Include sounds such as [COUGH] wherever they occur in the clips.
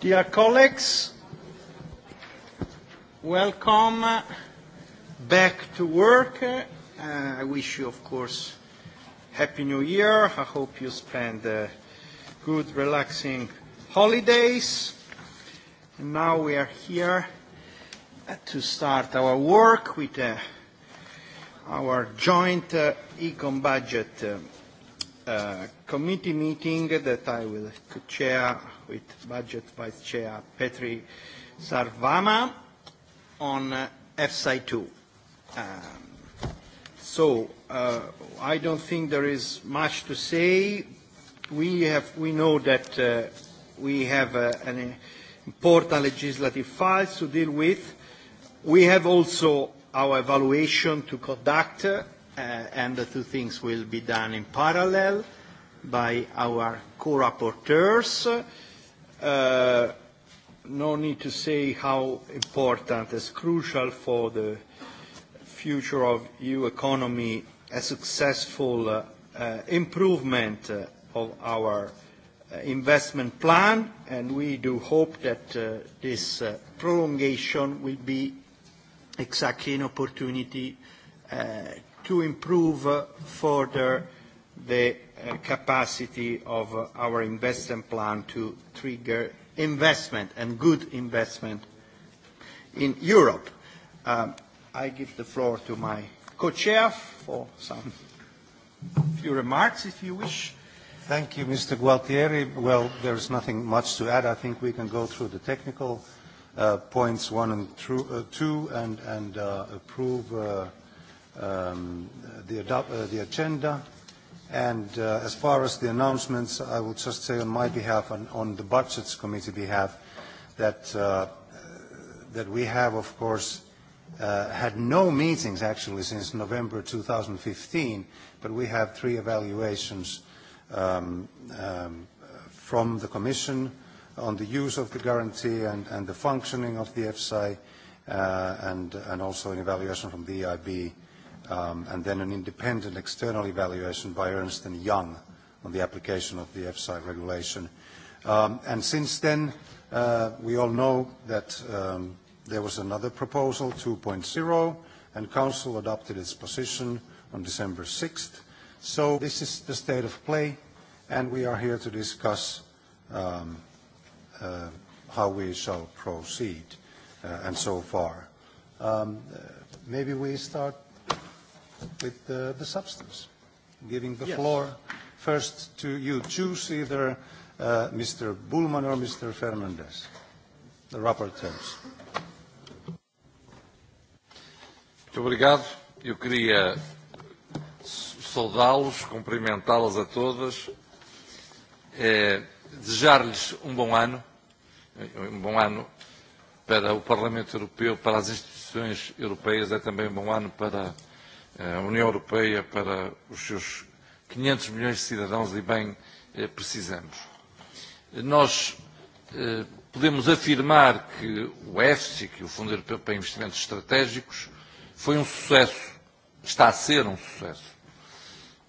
Dear colleagues, welcome back to work. Uh, I wish you, of course, Happy New Year. I hope you spend uh, good, relaxing holidays. And now we are here uh, to start our work with uh, our joint uh, econ budget. Uh, committee meeting that I will chair with Budget Vice Chair Petri Sarvama on uh, FSI2. Um, so uh, I don't think there is much to say. We, have, we know that uh, we have uh, an important legislative files to deal with. We have also our evaluation to conduct. Uh, Uh, and the two things will be done in parallel by our co-rapporteurs. Uh, no need to say how important, as crucial for the future of EU economy, a successful uh, uh, improvement uh, of our uh, investment plan, and we do hope that uh, this uh, prolongation will be exactly an opportunity uh, to improve further the uh, capacity of our investment plan to trigger investment and good investment in Europe. Um, I give the floor to my co-chair for some few remarks, if you wish. Thank you, Mr. Gualtieri. Well, there's nothing much to add. I think we can go through the technical uh, points one and uh, two and, and uh, approve uh, um, the, uh, the agenda. And uh, as far as the announcements, I will just say on my behalf and on the Budgets Committee behalf that, uh, that we have, of course, uh, had no meetings actually since November 2015, but we have three evaluations um, um, from the Commission on the use of the guarantee and, and the functioning of the EFSI, uh, and, and also an evaluation from the EIB um, and then an independent external evaluation by Ernst Young on the application of the EFSI regulation. Um, and since then, uh, we all know that um, there was another proposal, 2.0, and Council adopted its position on December 6th. So this is the state of play, and we are here to discuss um, uh, how we shall proceed uh, and so far. Um, uh, maybe we start with the, uh, the substance. Giving the yes. floor first to you. Choose either uh, Mr. Bullman or Mr. Fernandez, the rapporteurs. Muito obrigado. Eu queria uh, saudá-los, cumprimentá-las a todas, é, desejar-lhes um bom ano, um bom ano para o Parlamento Europeu, para as instituições europeias, é também um bom ano para a eh, União Europeia para os seus 500 milhões de cidadãos e bem eh, precisamos. Nós eh, podemos afirmar que o EFSI, que é o Fundo Europeu para Investimentos Estratégicos, foi um sucesso, está a ser um sucesso.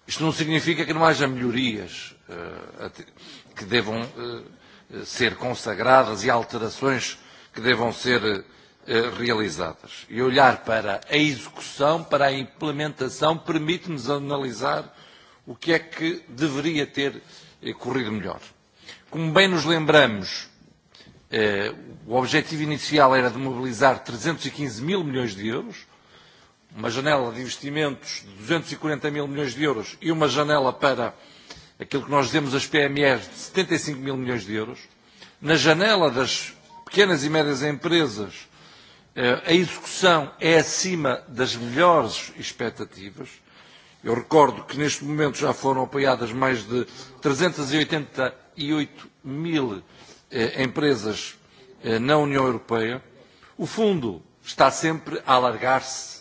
Isto não significa que não haja melhorias que devam ser consagradas e alterações que devam ser Eh, realizadas. E olhar para a execução, para a implementação, permite-nos analisar o que é que deveria ter eh, corrido melhor. Como bem nos lembramos, eh, o objetivo inicial era de mobilizar 315 e mil milhões de euros, uma janela de investimentos de 240 e mil milhões de euros e uma janela para aquilo que nós dizemos as PMEs de 75 e mil milhões de euros. Na janela das pequenas e médias empresas, Eh, a execução é acima das melhores expectativas. Eu recordo que neste momento já foram apoiadas mais de 388 e e mil eh, empresas eh, na União Europeia. O fundo está sempre a alargar-se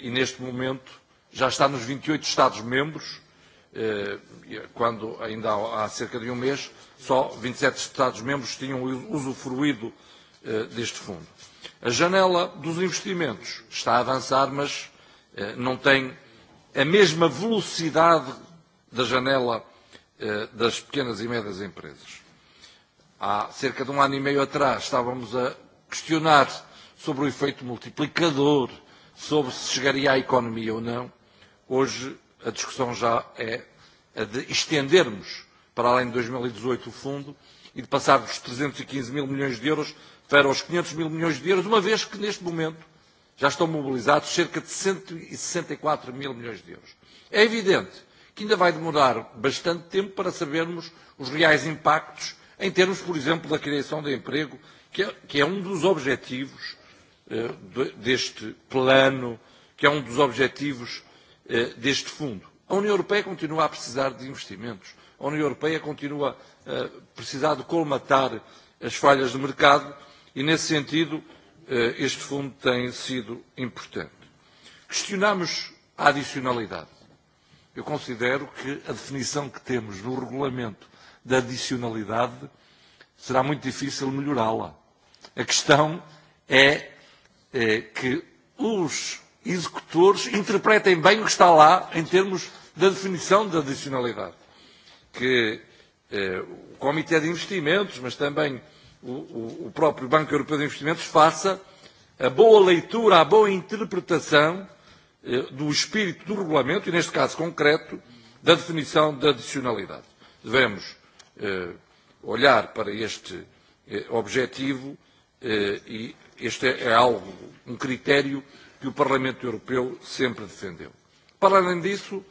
e neste momento já está nos 28 e Estados-membros, quando ainda há cerca de um mês só 27 Estados-membros tinham usufruído deste fundo. A janela dos investimentos está a avançar, mas eh, não tem a mesma velocidade da janela eh, das pequenas e médias empresas. Há cerca de um ano e meio atrás estávamos a questionar sobre o efeito multiplicador, sobre se chegaria à economia ou não. Hoje a discussão já é a de estendermos para além de 2018 e o fundo e de passar dos 315 mil milhões de euros para os 500 mil milhões de euros, uma vez que neste momento já estão mobilizados cerca de 164 e e mil milhões de euros. É evidente que ainda vai demorar bastante tempo para sabermos os reais impactos em termos, por exemplo, da criação de emprego, que é, que é um dos objetivos uh, deste plano, que é um dos objetivos uh, deste fundo. A União Europeia continua a precisar de investimentos. A União Europeia continua a uh, eh, precisar de colmatar as falhas de mercado E, nesse sentido, eh, este fundo tem sido importante. Questionamos a adicionalidade. Eu considero que a definição que temos no regulamento da adicionalidade será muito difícil melhorá-la. A questão é, é que os executores interpretem bem o que está lá em termos da definição da adicionalidade. Que é, eh, o Comitê de Investimentos, mas também o, o, próprio Banco Europeu de Investimentos faça a boa leitura, a boa interpretação eh, do espírito do regulamento e, neste caso concreto, da definição da de adicionalidade. Devemos eh, olhar para este eh, objetivo eh, e este é algo, um critério que o Parlamento Europeu sempre defendeu. Para além disso,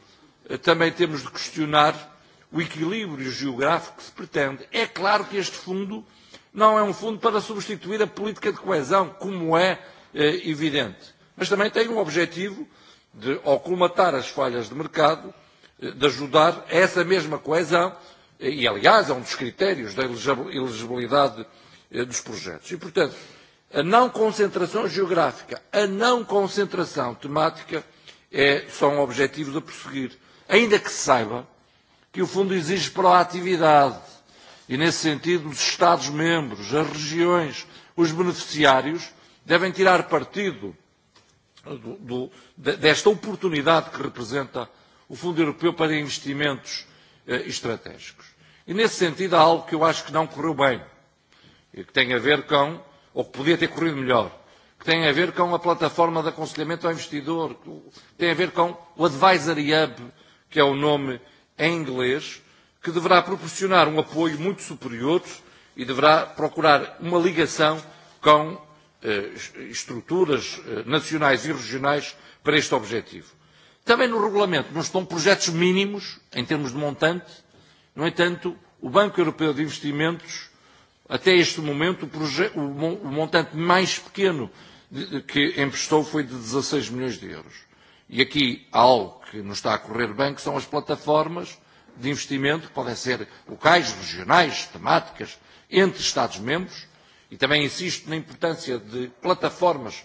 eh, também temos de questionar o equilíbrio geográfico que se pretende. É claro que este fundo não é um fundo para substituir a política de coesão, como é eh, evidente. Mas também tem o objetivo de, ao as falhas de mercado, eh, de ajudar essa mesma coesão, eh, e aliás é um dos critérios da elegibilidade dos projetos. E, portanto, a não concentração geográfica, a não concentração temática é, só um objetivo a prosseguir. Ainda que se saiba que o fundo exige proatividade, E, nesse sentido, os Estados-membros, as regiões, os beneficiários devem tirar partido do, do, desta oportunidade que representa o Fundo Europeu para Investimentos eh, Estratégicos. E, nesse sentido, há algo que eu acho que não correu bem, e que tem a ver com, ou que podia ter corrido melhor, que tem a ver com a plataforma de aconselhamento ao investidor, que tem a ver com o Advisory Hub, que é o nome em inglês, que deverá proporcionar um apoio muito superior e deverá procurar uma ligação com eh, estruturas eh, nacionais e regionais para este objetivo. Também no regulamento não estão projetos mínimos em termos de montante, no entanto, o Banco Europeu de Investimentos, até este momento, o, o montante mais pequeno de, de, que emprestou foi de 16 milhões de euros. E aqui há algo que nos está a correr bem, que são as plataformas de investimento, que podem ser locais, regionais, temáticas, entre Estados-membros, e também insisto na importância de plataformas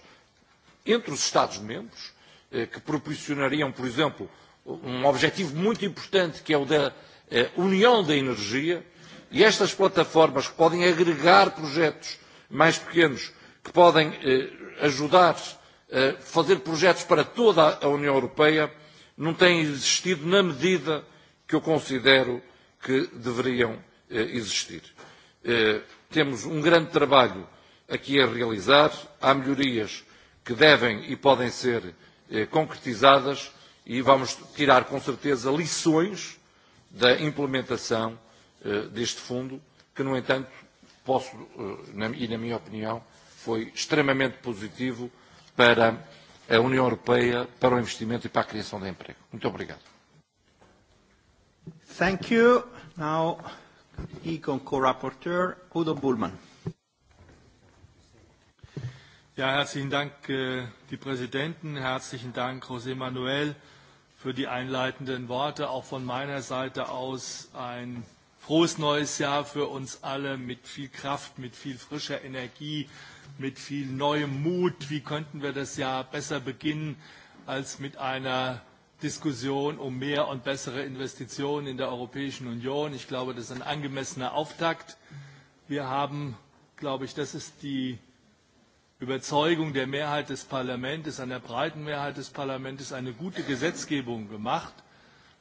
entre os Estados-membros, eh, que proporcionariam, por exemplo, um objetivo muito importante, que é o da eh, união da energia, e estas plataformas que podem agregar projetos mais pequenos, que podem eh, ajudar a fazer projetos para toda a União Europeia, não têm existido na medida que eu considero que deveriam eh, existir. Eh, temos um grande trabalho aqui a realizar, há melhorias que devem e podem ser eh, concretizadas e vamos tirar com certeza lições da implementação deste fundo, que no entanto posso, e na minha opinião, foi extremamente positivo para a União Europeia, para o investimento e para a criação de emprego. Muito obrigado. Thank you. Now, Econ Co-Rapporteur Udo Bullmann. Ja, herzlichen Dank, äh, die Präsidenten. Herzlichen Dank, José Manuel, für die einleitenden Worte. Auch von meiner Seite aus ein frohes neues Jahr für uns alle mit viel Kraft, mit viel frischer Energie, mit viel neuem Mut. Wie könnten wir das Jahr besser beginnen als mit einer Diskussion um mehr und bessere Investitionen in der Europäischen Union. Ich glaube, das ist ein angemessener Auftakt. Wir haben, glaube ich, das ist die Überzeugung der Mehrheit des Parlaments, einer breiten Mehrheit des Parlaments, eine gute Gesetzgebung gemacht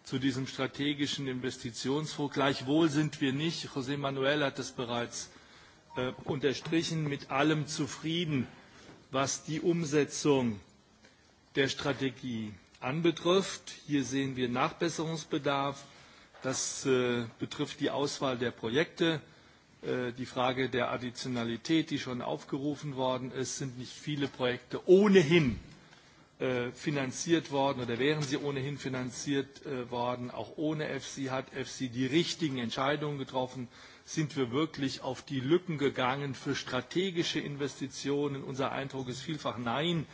zu diesem strategischen Investitionsfonds. Gleichwohl sind wir nicht, José Manuel hat das bereits äh, unterstrichen, mit allem zufrieden, was die Umsetzung der Strategie anbetrifft. Hier sehen wir Nachbesserungsbedarf. Das äh, betrifft die Auswahl der Projekte. Äh, die Frage der Additionalität, die schon aufgerufen worden ist, sind nicht viele Projekte ohnehin äh, finanziert worden oder wären sie ohnehin finanziert worden. Auch ohne EFSI hat EFSI die richtigen Entscheidungen getroffen. Sind wir wirklich auf die Lücken gegangen für strategische Investitionen? Unser Eindruck ist vielfach nein.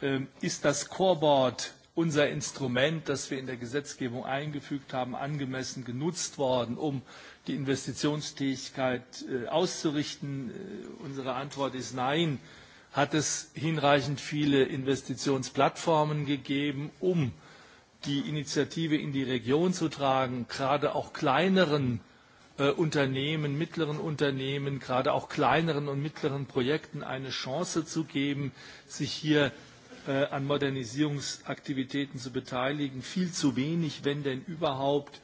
Ähm, ist das Scoreboard unser Instrument, das wir in der Gesetzgebung eingefügt haben, angemessen genutzt worden, um die Investitionstätigkeit äh, auszurichten? Äh, unsere Antwort ist nein. Hat es hinreichend viele Investitionsplattformen gegeben, um die Initiative in die Region zu tragen, gerade auch kleineren äh, Unternehmen, mittleren Unternehmen, gerade auch kleineren und mittleren Projekten eine Chance zu geben, sich hier Äh, an Modernisierungsaktivitäten zu beteiligen. Viel zu wenig, wenn denn überhaupt.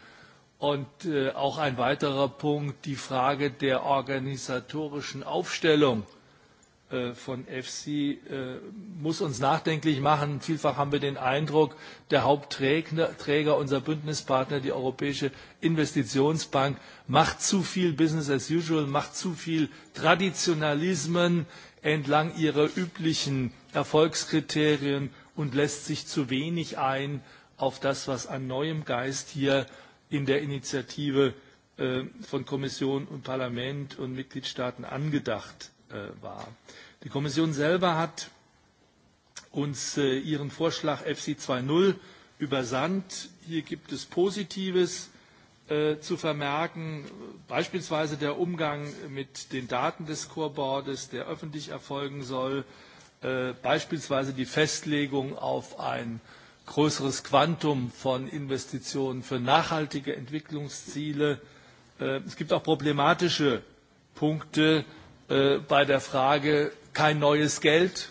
Und äh, auch ein weiterer Punkt, die Frage der organisatorischen Aufstellung äh, von EFSI muss uns nachdenklich machen. Vielfach haben wir den Eindruck, der Hauptträger, unser Bündnispartner, die Europäische Investitionsbank, macht zu viel Business as usual, macht zu viel Traditionalismen entlang ihrer üblichen Erfolgskriterien und lässt sich zu wenig ein auf das, was an neuem Geist hier in der Initiative äh, von Kommission und Parlament und Mitgliedstaaten angedacht äh, war. Die Kommission selber hat uns äh, ihren Vorschlag EFSI 2.0 übersandt. Hier gibt es Positives zu vermerken, beispielsweise der Umgang mit den Daten des Scoreboards, der öffentlich erfolgen soll, äh, Äh, beispielsweise die Festlegung auf ein größeres Quantum von Investitionen für nachhaltige Entwicklungsziele. Äh, es gibt auch problematische Punkte äh, bei der Frage kein neues Geld,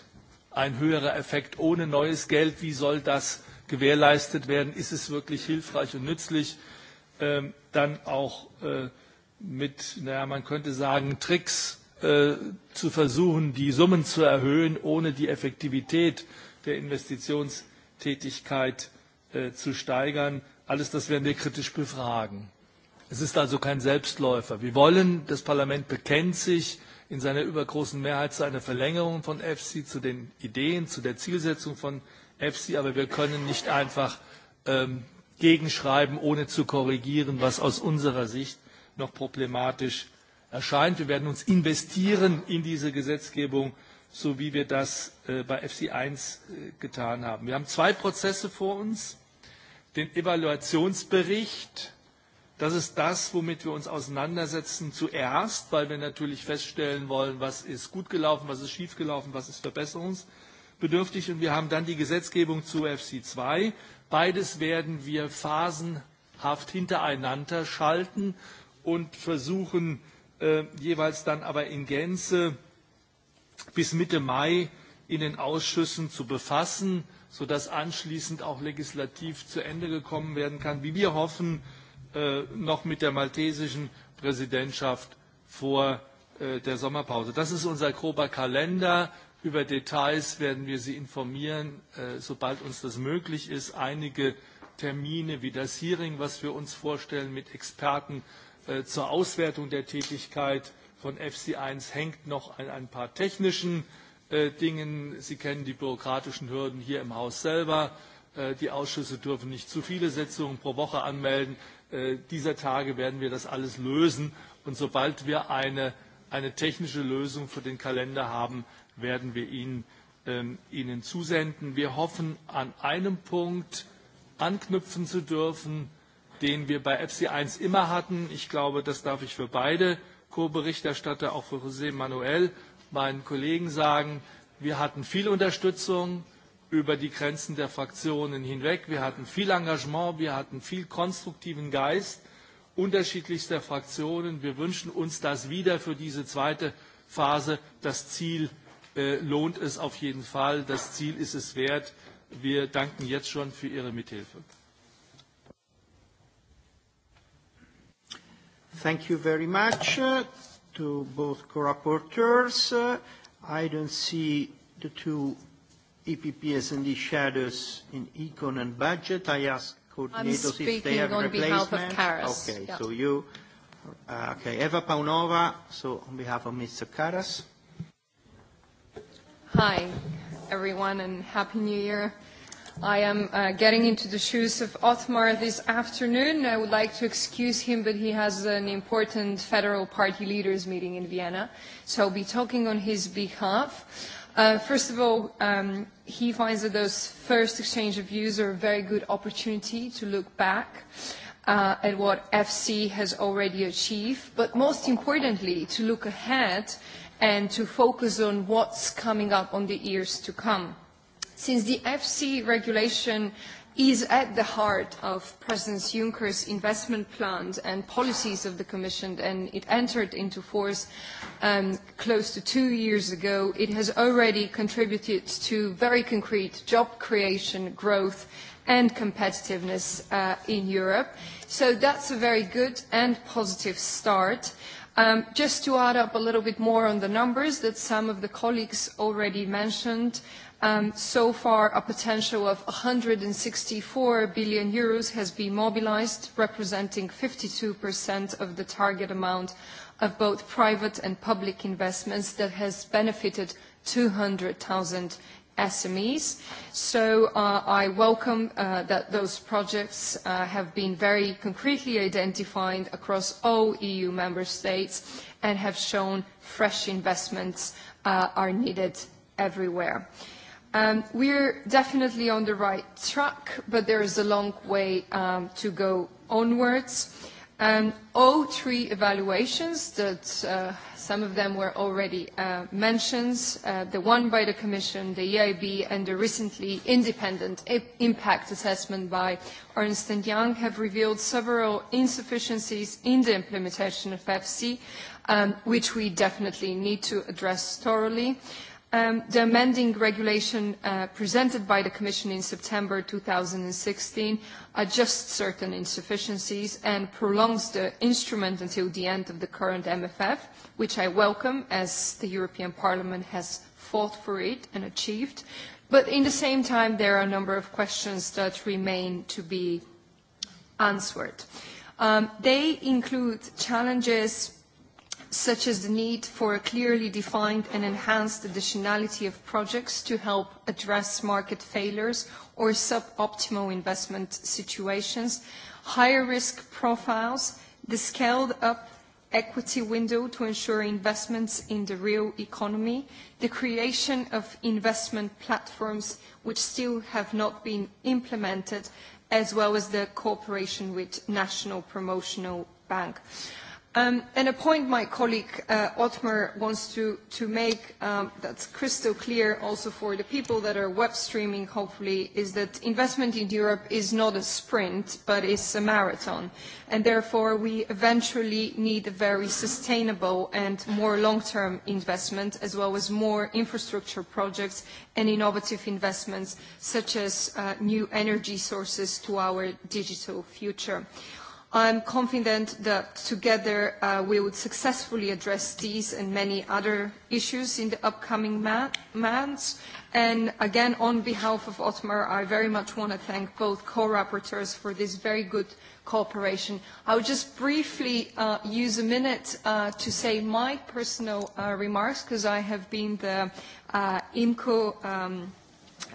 ein höherer Effekt ohne neues Geld. Wie soll das gewährleistet werden? Ist es wirklich hilfreich und nützlich? Ähm, dann auch mit, naja, man könnte sagen, Tricks Äh, zu versuchen, die Summen zu erhöhen, ohne die Effektivität der Investitionstätigkeit äh, zu steigern. Alles das werden wir kritisch befragen. Es ist also kein Selbstläufer. Wir wollen, das Parlament bekennt sich in seiner übergroßen Mehrheit zu einer Verlängerung von EFSI, zu den Ideen, zu der Zielsetzung von EFSI, aber wir können nicht einfach ähm, gegenschreiben, ohne zu korrigieren, was aus unserer Sicht noch problematisch ist erscheint. Wir werden uns investieren in diese Gesetzgebung, so wie wir das äh, bei FC1 äh, getan haben. Wir haben zwei Prozesse vor uns. Den Evaluationsbericht, das ist das, womit wir uns auseinandersetzen zuerst, weil wir natürlich feststellen wollen, was ist gut gelaufen, was ist schief gelaufen, was ist verbesserungsbedürftig. Und wir haben dann die Gesetzgebung zu FC2. Beides werden wir phasenhaft hintereinander schalten und versuchen, Äh, jeweils dann aber in Gänze bis Mitte Mai in den Ausschüssen zu befassen, sodass anschließend auch legislativ zu Ende gekommen werden kann, wie wir hoffen, äh, noch mit der maltesischen Präsidentschaft vor äh, der Sommerpause. Das ist unser grober Kalender. Über Details werden wir Sie informieren, sobald uns das möglich ist. Einige Termine wie das Hearing, was wir uns vorstellen mit Experten Äh, zur Auswertung der Tätigkeit von EFSI 1 hängt noch an ein paar technischen äh, Dingen. Sie kennen die bürokratischen Hürden hier im Haus selber. Äh, die Ausschüsse dürfen nicht zu viele Sitzungen pro Woche anmelden. Dieser Tage werden wir das alles lösen. Und sobald wir eine, eine technische Lösung für den Kalender haben, werden wir ihn ähm, Ihnen zusenden. Wir hoffen, an einem Punkt anknüpfen zu dürfen den wir bei EPSI 1 immer hatten. Ich glaube, das darf ich für beide Co-Berichterstatter, auch für José Manuel, meinen Kollegen sagen. Wir hatten viel Unterstützung über die Grenzen der Fraktionen hinweg. Wir hatten viel Engagement, wir hatten viel konstruktiven Geist unterschiedlichster Fraktionen. Wir wünschen uns das wieder für diese zweite Phase. Das Ziel äh, lohnt es auf jeden Fall. Das Ziel ist es wert. Wir danken jetzt schon für Ihre Mithilfe. Thank you very much uh, to both co-rapporteurs. Uh, I don't see the two EPP S&D shadows in Econ and Budget. I ask coordinators if they have replacement. I'm speaking on behalf of Karas. Okay, yeah. so you... Uh, okay, Eva Paunova, so on behalf of Mr. Karas. Hi, everyone, and Happy New Year. I am uh, getting into the shoes of Othmar this afternoon. I would like to excuse him, but he has an important federal party leaders meeting in Vienna, so I'll be talking on his behalf. Uh, first of all, um, he finds that those first exchange of views are a very good opportunity to look back uh, at what FC has already achieved, but most importantly, to look ahead and to focus on what's coming up on the years to come since the FC regulation is at the heart of President Juncker's investment plans and policies of the Commission, and it entered into force um, close to two years ago. It has already contributed to very concrete job creation, growth, and competitiveness uh, in Europe. So that's a very good and positive start. Um, just to add up a little bit more on the numbers that some of the colleagues already mentioned, and um, so far a potential of 164 billion euros has been mobilized, representing 52% of the target amount of both private and public investments that has benefited 200,000 SMEs. So uh, I welcome uh, that those projects uh, have been very concretely identified across all EU member states and have shown fresh investments uh, are needed everywhere. Um, we're definitely on the right track, but there is a long way um, to go onwards. Um, all three evaluations that uh, some of them were already uh, mentioned, uh, the one by the Commission, the EIB, and the recently independent impact assessment by Ernst Young have revealed several insufficiencies in the implementation of EFSI, um, which we definitely need to address thoroughly. Uh, um, the amending regulation uh, presented by the Commission in September 2016 adjusts certain insufficiencies and prolongs the instrument until the end of the current MFF, which I welcome as the European Parliament has fought for it and achieved. But in the same time, there are a number of questions that remain to be answered. Um, they include challenges such as the need for a clearly defined and enhanced additionality of projects to help address market failures or suboptimal investment situations, higher risk profiles, the scaled up equity window to ensure investments in the real economy, the creation of investment platforms which still have not been implemented, as well as the cooperation with National Promotional Bank. Uh, Um, and a point my colleague uh, Otmar wants to, to make um, that's crystal clear also for the people that are web streaming, hopefully, is that investment in Europe is not a sprint, but is a marathon. And therefore, we eventually need a very sustainable and more long-term investment, as well as more infrastructure projects and innovative investments, such as uh, new energy sources to our digital future. I'm confident that together uh, we would successfully address these and many other issues in the upcoming months. And again, on behalf of Otmar, I very much want to thank both co-rapporteurs for this very good cooperation. I will just briefly uh, use a minute uh, to say my personal uh, remarks, because I have been the uh, IMCO um,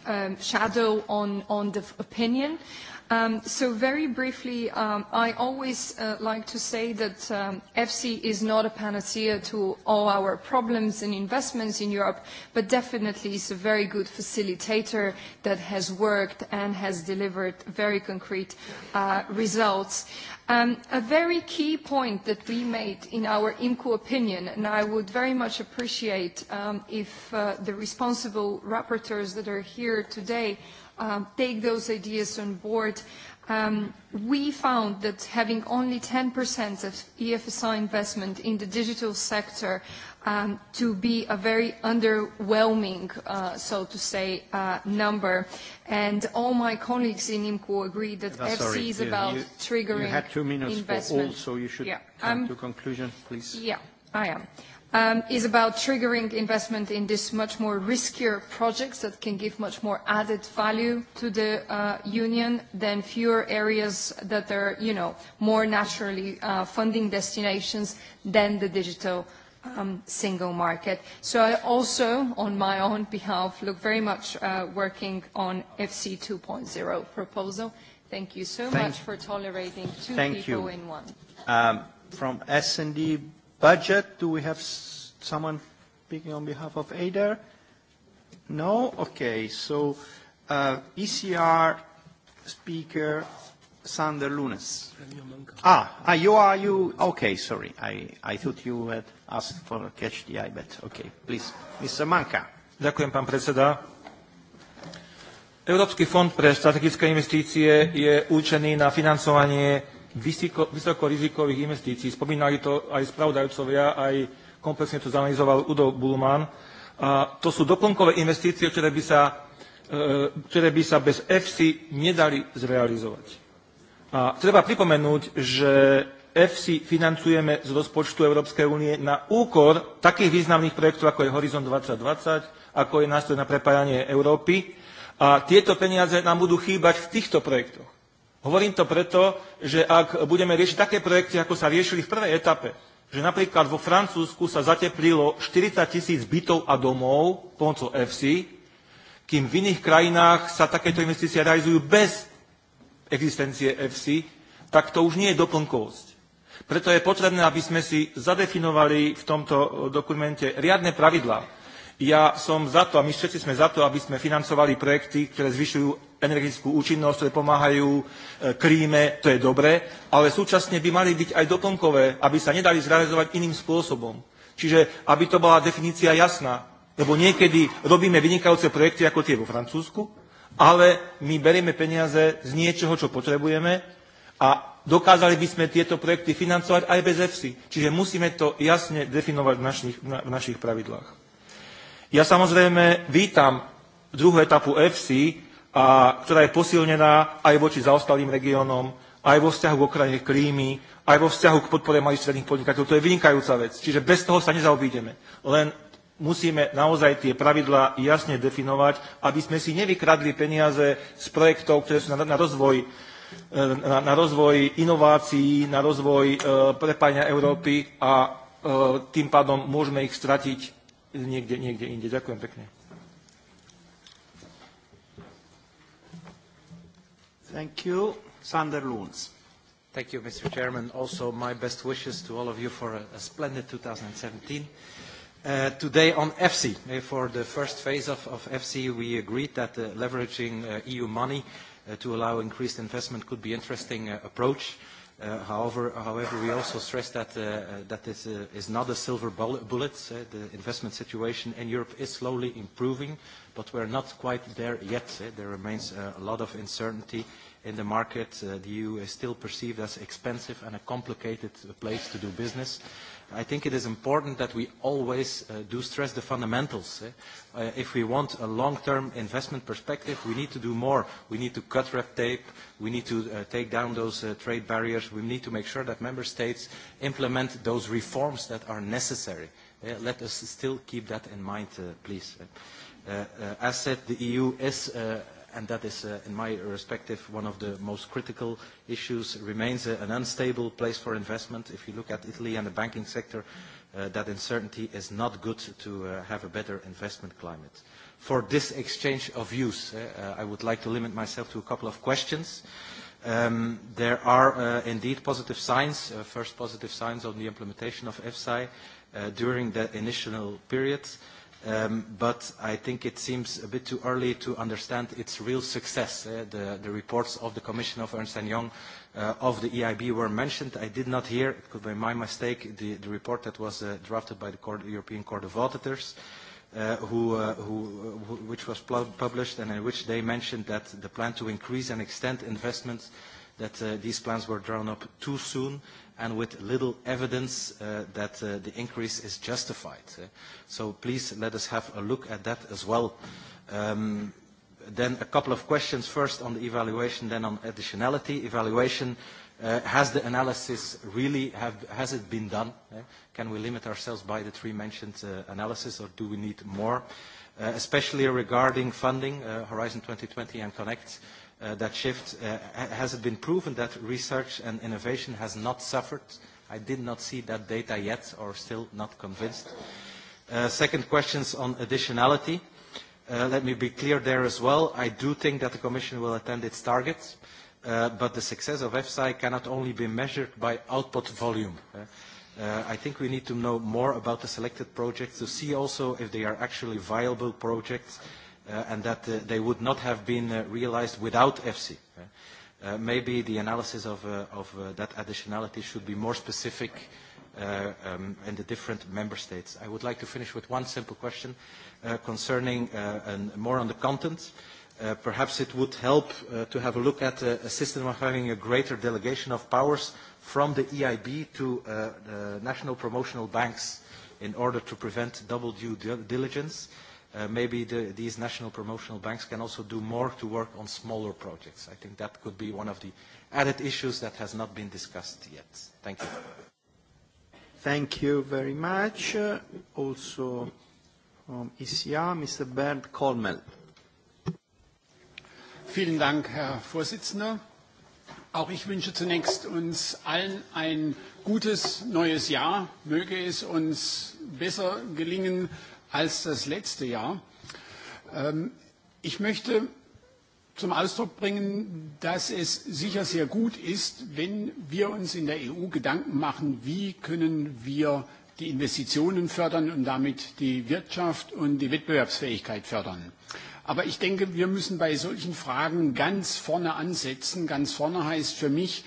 um, shadow on, on the opinion. Uh, Um, so very briefly, um, I always uh, like to say that um, FC is not a panacea to all our problems and investments in Europe, but definitely is a very good facilitator that has worked and has delivered very concrete uh, results. Um, a very key point that we made in our IMCO opinion, and I would very much appreciate um, if uh, the responsible rapporteurs that are here today um, take those ideas on board. Um, we found that having only 10% of EFSI investment in the digital sector um, to be a very underwhelming, uh, so to say, uh, number. And all my colleagues in IMCO agree that FC ah, sorry. is about you, triggering investment. You had two minutes for all, so you should yeah, come to conclusion, please. Yeah, I am. Um, is about triggering investment in this much more riskier projects that can give much more added value to the uh, union than fewer areas that are, you know, more naturally uh, funding destinations than the digital um, single market. So I also, on my own behalf, look very much uh, working on FC 2.0 proposal. Thank you so Thank much for tolerating two Thank people you. in one. Um, from S&D, Budget, do we have someone speaking on behalf of ADER? No? Okay, so uh, ECR speaker Sander Lunes. Ah, ah, you are you? Okay, sorry. I, I thought you had asked for a catch the eye, but okay, please. Mr. Manka. Ďakujem, pán predseda. Európsky fond pre strategické investície je určený na financovanie vysoko, vysokorizikových investícií. Spomínali to aj spravodajcovia, aj komplexne to zanalizoval Udo Bulman. A to sú doplnkové investície, ktoré by sa, e, ktoré by sa bez EFSI nedali zrealizovať. A treba pripomenúť, že EFSI financujeme z rozpočtu Európskej únie na úkor takých významných projektov, ako je Horizon 2020, ako je nástroj na prepájanie Európy. A tieto peniaze nám budú chýbať v týchto projektoch. Hovorím to preto, že ak budeme riešiť také projekty, ako sa riešili v prvej etape, že napríklad vo Francúzsku sa zateplilo 40 tisíc bytov a domov pomocou EFSI, kým v iných krajinách sa takéto investície realizujú bez existencie EFSI, tak to už nie je doplnkovosť. Preto je potrebné, aby sme si zadefinovali v tomto dokumente riadne pravidlá, Ja som za to, a my všetci sme za to, aby sme financovali projekty, ktoré zvyšujú energetickú účinnosť, ktoré pomáhajú e, klíme, to je dobré, ale súčasne by mali byť aj doplnkové, aby sa nedali zrealizovať iným spôsobom. Čiže aby to bola definícia jasná, lebo niekedy robíme vynikajúce projekty ako tie vo Francúzsku, ale my berieme peniaze z niečoho, čo potrebujeme a dokázali by sme tieto projekty financovať aj bez EFSI. Čiže musíme to jasne definovať v našich, v našich pravidlách. Ja samozrejme vítam druhú etapu FC, a, ktorá je posilnená aj voči zaostalým regiónom, aj vo vzťahu k okrajine klímy, aj vo vzťahu k podpore malých stredných podnikateľov. To je vynikajúca vec. Čiže bez toho sa nezaobídeme. Len musíme naozaj tie pravidlá jasne definovať, aby sme si nevykradli peniaze z projektov, ktoré sú na, na rozvoj e, na, na rozvoj inovácií, na rozvoj e, prepájania Európy a e, tým pádom môžeme ich stratiť niekde, niekde inde. Ďakujem pekne. Thank you. Sander Lunds. Thank you, Mr. Chairman. Also, my best wishes to all of you for a, a splendid 2017. Uh, today on EFSI, eh, for the first phase of, of EFSI, we agreed that uh, leveraging uh, EU money uh, to allow increased investment could be an interesting uh, approach. Uh, Uh, however, however, we also stress that uh, that this uh, is not a silver bullet. Uh, the investment situation in Europe is slowly improving, but we're not quite there yet. Uh, there remains uh, a lot of uncertainty in the market. Uh, the EU is still perceived as expensive and a complicated uh, place to do business. I think it is important that we always uh, do stress the fundamentals. Eh? Uh, if we want a long-term investment perspective, we need to do more. We need to cut red tape. We need to uh, take down those uh, trade barriers. We need to make sure that member states implement those reforms that are necessary. Uh, let us still keep that in mind, uh, please. Uh, uh, as said, the EU is uh, and that is, uh, in my perspective, one of the most critical issues, remains a, an unstable place for investment. If you look at Italy and the banking sector, uh, that uncertainty is not good to uh, have a better investment climate. For this exchange of views, uh, uh I would like to limit myself to a couple of questions. Um, there are uh, indeed positive signs, uh, first positive signs on the implementation of EFSI uh, during the initial periods. Um, but I think it seems a bit too early to understand its real success. Uh, the, the reports of the Commission of Ernst Young uh, of the EIB were mentioned. I did not hear, it could be my mistake, the, the report that was uh, drafted by the court, European Court of Auditors, uh, who, uh, who, uh, which was published and in which they mentioned that the plan to increase and extend investments that uh, these plans were drawn up too soon and with little evidence uh, that uh, the increase is justified. Uh, so please let us have a look at that as well. Um, then a couple of questions first on the evaluation, then on additionality. Evaluation, uh, has the analysis really, have, has it been done? Uh, can we limit ourselves by the three mentioned uh, analysis or do we need more? Uh, especially regarding funding, uh, Horizon 2020 and Connect, uh, uh, that shift. Uh, has it been proven that research and innovation has not suffered? I did not see that data yet, or still not convinced. Uh, second is on additionality. Uh, let me be clear there as well. I do think that the Commission will attend its targets, uh, but the success of EFSI cannot only be measured by output volume. Uh, uh, I think we need to know more about the selected projects to see also if they are actually viable projects uh, and that uh, they would not have been uh, realized without EFSI. Uh, maybe the analysis of, uh, of uh, that additionality should be more specific uh, um, in the different member states. I would like to finish with one simple question uh, concerning uh, and more on the content. Uh, perhaps it would help uh, to have a look at uh, a system of having a greater delegation of powers from the EIB to uh, the national promotional banks in order to prevent double due diligence. Uh, Uh, maybe the, these national promotional banks can also do more to work on smaller projects. I think that could be one of the added issues that has not been discussed yet. Thank you. Thank you very much. Uh, also from ECR, Mr. Bernd Kolmel. Vielen Dank, Herr Vorsitzender. Auch ich wünsche zunächst uns allen ein gutes neues Jahr. Möge es uns besser gelingen, als das letzte Jahr. Ähm, ich möchte zum Ausdruck bringen, dass es sicher sehr gut ist, wenn wir uns in der EU Gedanken machen, wie können wir die Investitionen fördern und damit die Wirtschaft und die Wettbewerbsfähigkeit fördern. Aber ich denke, wir müssen bei solchen Fragen ganz vorne ansetzen. Ganz vorne heißt für mich,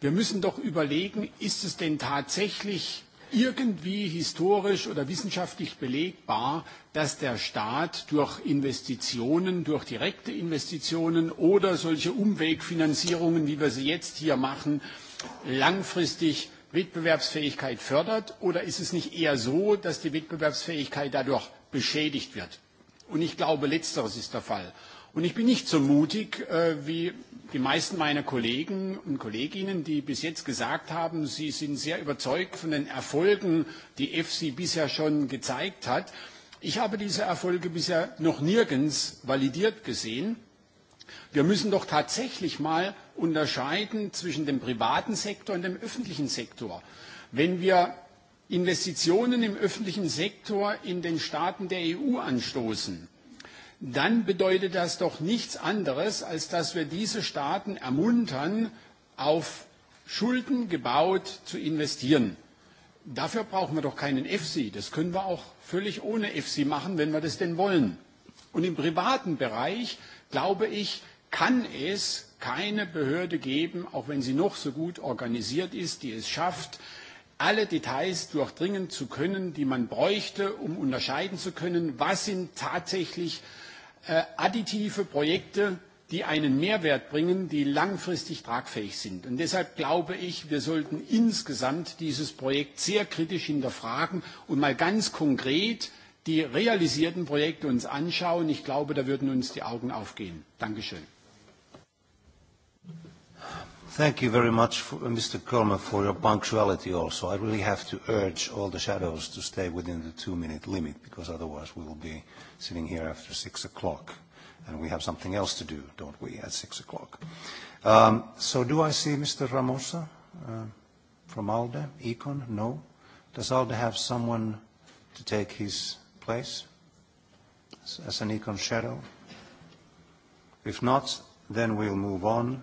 wir müssen doch überlegen, ist es denn tatsächlich irgendwie historisch oder wissenschaftlich belegbar, dass der Staat durch Investitionen, durch direkte Investitionen oder solche Umwegfinanzierungen, wie wir sie jetzt hier machen, langfristig Wettbewerbsfähigkeit fördert? Oder ist es nicht eher so, dass die Wettbewerbsfähigkeit dadurch beschädigt wird? Und ich glaube, letzteres ist der Fall. Und ich bin nicht so mutig äh, wie die meisten meiner Kollegen und Kolleginnen, die bis jetzt gesagt haben, sie sind sehr überzeugt von den Erfolgen, die EFSI bisher schon gezeigt hat. Ich habe diese Erfolge bisher noch nirgends validiert gesehen. Wir müssen doch tatsächlich mal unterscheiden zwischen dem privaten Sektor und dem öffentlichen Sektor. Wenn wir Investitionen im öffentlichen Sektor in den Staaten der EU anstoßen, dann bedeutet das doch nichts anderes, als dass wir diese Staaten ermuntern, auf Schulden gebaut zu investieren. Dafür brauchen wir doch keinen EFSI. Das können wir auch völlig ohne EFSI machen, wenn wir das denn wollen. Und im privaten Bereich, glaube ich, kann es keine Behörde geben, auch wenn sie noch so gut organisiert ist, die es schafft, alle Details durchdringen zu können, die man bräuchte, um unterscheiden zu können, was sind tatsächlich äh, Äh, additive Projekte, die einen Mehrwert bringen, die langfristig tragfähig sind. Und deshalb glaube ich, wir sollten insgesamt dieses Projekt sehr kritisch hinterfragen und mal ganz konkret die realisierten Projekte uns anschauen. Ich glaube, da würden uns die Augen aufgehen. Dankeschön. Thank you very much, for, uh, Mr. Kromer, for your punctuality also. I really have to urge all the shadows to stay within the two-minute limit because otherwise we will be sitting here after six o'clock and we have something else to do, don't we, at six o'clock. Um, so do I see Mr. Ramosa uh, from ALDE, Econ? No. Does ALDE have someone to take his place as an Econ shadow? If not, then we'll move on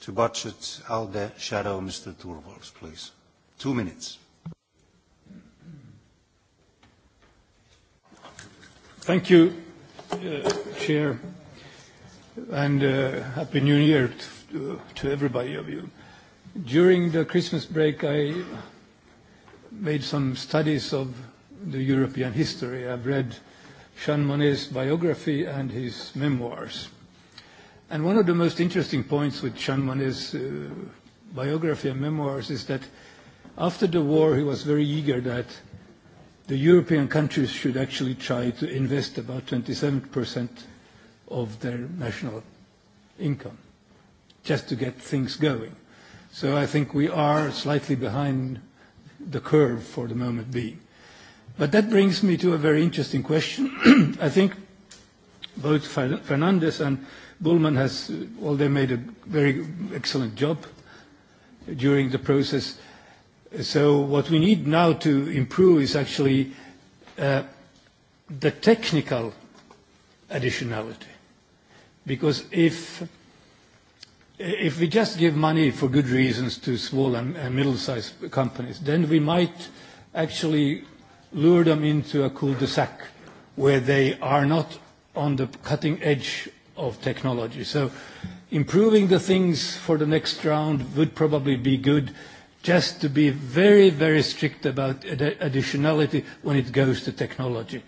to budget out the shadow, Mr. Turvalds, please. Two minutes. Thank you, uh, Chair, and uh, Happy New Year to, to everybody of you. During the Christmas break, I made some studies of the European history. I've read Sean Monet's biography and his memoirs. And one of the most interesting points with Chan Mane's uh, biography and memoirs is that after the war, he was very eager that the European countries should actually try to invest about 27% of their national income just to get things going. So I think we are slightly behind the curve for the moment being. But that brings me to a very interesting question. [CLEARS THROAT] I think both Fernandez and Bullman has, well, uh, they made a very excellent job during the process. So what we need now to improve is actually uh, the technical additionality. Because if, if we just give money for good reasons to small and, and middle-sized companies, then we might actually lure them into a cul-de-sac where they are not on the cutting edge of technology. So improving the things for the next round would probably be good just to be very, very strict about ad additionality when it goes to technology.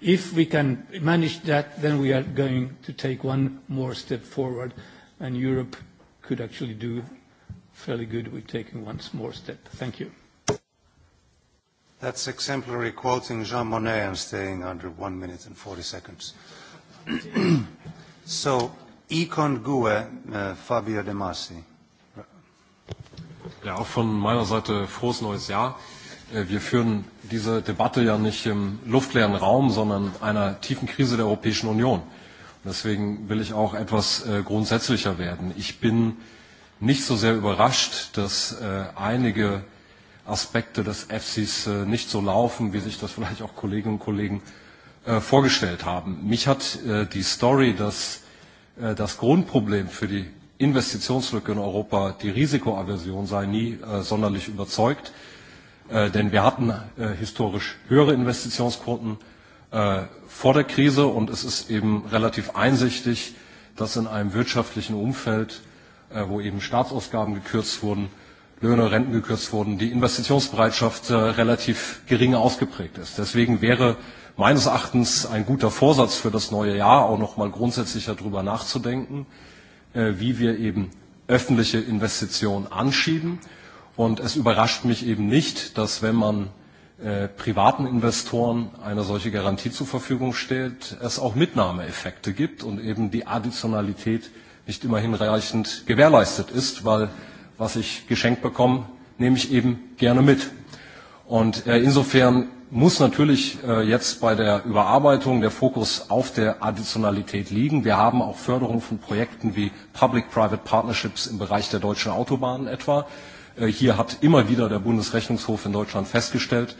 If we can manage that, then we are going to take one more step forward, and Europe could actually do fairly good with taking one more step. Thank you. That's exemplary quoting Jean Monnet and staying under one minute and 40 seconds. [CLEARS THROAT] So, Econ GUE, uh, Fabio De Masi. Ja, auch von meiner Seite frohes neues Jahr. Äh, wir führen diese Debatte ja nicht im luftleeren Raum, sondern einer tiefen Krise der Europäischen Union. Und deswegen will ich auch etwas äh, grundsätzlicher werden. Ich bin nicht so sehr überrascht, dass äh, einige Aspekte des EFSIs nicht so laufen, wie sich das vielleicht auch Kolleginnen und Kollegen Äh, vorgestellt haben. Mich hat äh, die Story, dass äh, das Grundproblem für die Investitionslücke in Europa die Risikoaversion sei, nie sonderlich überzeugt. denn wir hatten historisch höhere Investitionsquoten vor der Krise und es ist eben relativ einsichtig, dass in einem wirtschaftlichen Umfeld, wo eben Staatsausgaben gekürzt wurden, Löhne, Renten gekürzt wurden, die Investitionsbereitschaft äh, relativ gering ausgeprägt ist. Deswegen wäre meines Erachtens ein guter Vorsatz für das neue Jahr, auch nochmal grundsätzlich darüber nachzudenken, äh, wie wir eben öffentliche Investitionen anschieben. Und es überrascht mich eben nicht, dass wenn man äh, privaten Investoren eine solche Garantie zur Verfügung stellt, es auch Mitnahmeeffekte gibt und eben die Additionalität nicht immer hinreichend gewährleistet ist, weil was ich geschenkt bekomme, nehme ich eben gerne mit. Und äh, insofern muss natürlich äh, jetzt bei der Überarbeitung der Fokus auf der Additionalität liegen. Wir haben auch Förderung von Projekten wie Public-Private Partnerships im Bereich der deutschen Autobahnen etwa. Äh, hier hat immer wieder der Bundesrechnungshof in Deutschland festgestellt,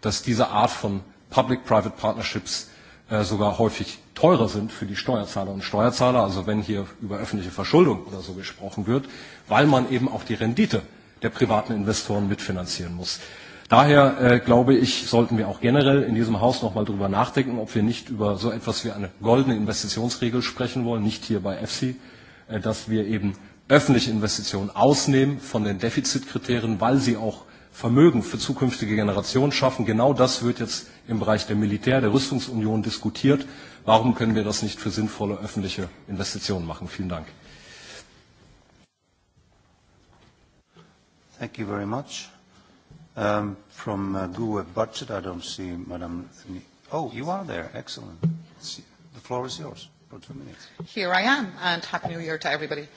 dass diese Art von Public-Private Partnerships äh, sogar häufig teurer sind für die Steuerzahler und Steuerzahler. Also wenn hier über öffentliche Verschuldung oder so gesprochen wird, weil man eben auch die Rendite der privaten Investoren mitfinanzieren muss. Daher äh, glaube ich, sollten wir auch generell in diesem Haus nochmal darüber nachdenken, ob wir nicht über so etwas wie eine goldene Investitionsregel sprechen wollen, nicht hier bei EFSI, äh, dass wir eben öffentliche Investitionen ausnehmen von den Defizitkriterien, weil sie auch Vermögen für zukünftige Generationen schaffen. Genau das wird jetzt im Bereich der Militär, der Rüstungsunion diskutiert. Warum können wir das nicht für sinnvolle öffentliche Investitionen machen? Vielen Dank. Thank you very much. Um, from uh, GUE budget, I don't see Madam. Oh, you are there. Excellent. The floor is yours for two minutes. Here I am, and Happy New Year to everybody.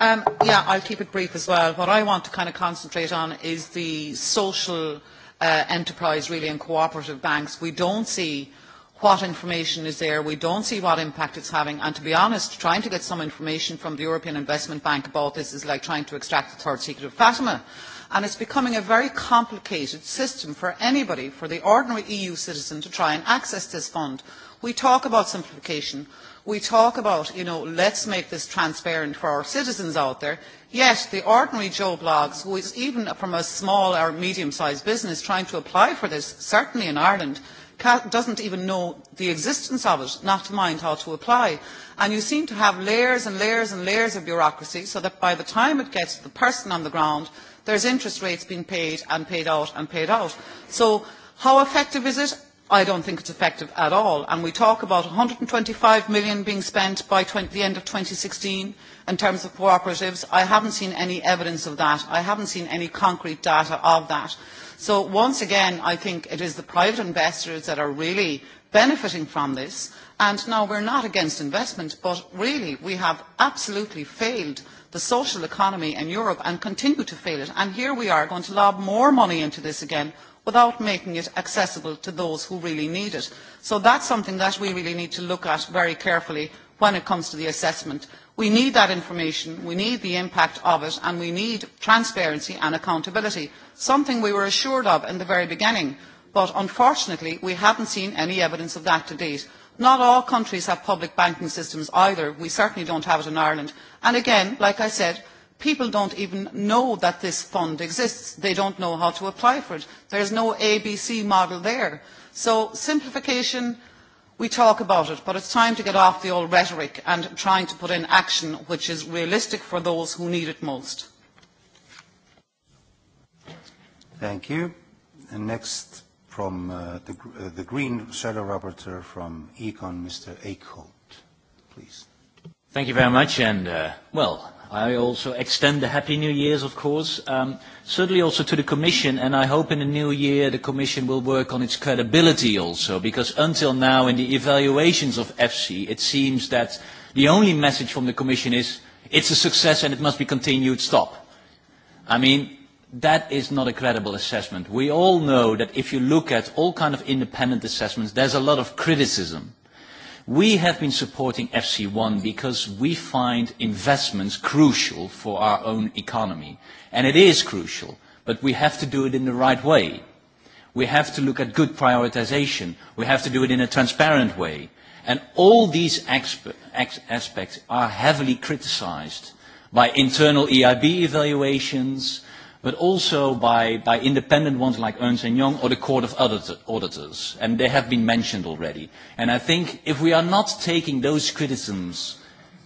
Um, yeah, I'll keep it brief as well. What I want to kind of concentrate on is the social uh, enterprise, really, and cooperative banks. We don't see what information is there. We don't see what impact it's having. And to be honest, trying to get some information from the European Investment Bank about this is like trying to extract the third secret of Fatima. And it's becoming a very complicated system for anybody, for the ordinary EU citizen to try and access this fund. We talk about simplification. We talk about, you know, let's make this transparent for our citizens out there. Yet the ordinary Joe Bloggs, who is even from a small or medium-sized business trying to apply for this, certainly in Ireland, does not even know the existence of it, not to mind how to apply. And you seem to have layers and layers and layers of bureaucracy so that by the time it gets to the person on the ground, there's interest rates being paid and paid out and paid out. So how effective is it? I don't think it's effective at all. And we talk about 125 million being spent by 20, the end of 2016 in terms of cooperatives. I haven't seen any evidence of that. I haven't seen any concrete data of that. So once again, I think it is the private investors that are really benefiting from this. And now we're not against investment, but really we have absolutely failed the social economy in Europe and continue to fail it. And here we are going to lob more money into this again without making it accessible to those who really need it. So that's something that we really need to look at very carefully when it comes to the assessment. We need that information, we need the impact of it, and we need transparency and accountability, something we were assured of in the very beginning. But unfortunately, we haven't seen any evidence of that to date. Not all countries have public banking systems either. We certainly don't have it in Ireland. And again, like I said, people don't even know that this fund exists. They don't know how to apply for it. There's no ABC model there. So simplification, we talk about it, but it's time to get off the old rhetoric and trying to put in action which is realistic for those who need it most. Thank you. And next from uh, the, uh, the Green Shadow Rapporteur from Econ, Mr. Eichholt, please. Thank you very much, and, uh, well, I also extend the Happy New Year's, of course, um, certainly also to the Commission, and I hope in the new year the Commission will work on its credibility also, because until now in the evaluations of EFSI, it seems that the only message from the Commission is, it's a success and it must be continued, stop. I mean, that is not a credible assessment. We all know that if you look at all kind of independent assessments, there's a lot of criticism. We have been supporting FC1 because we find investments crucial for our own economy. And it is crucial, but we have to do it in the right way. We have to look at good prioritization. We have to do it in a transparent way. And all these aspects are heavily criticized by internal EIB evaluations, but also by, by independent ones like Ernst Young or the Court of Auditors, and they have been mentioned already. And I think if we are not taking those criticisms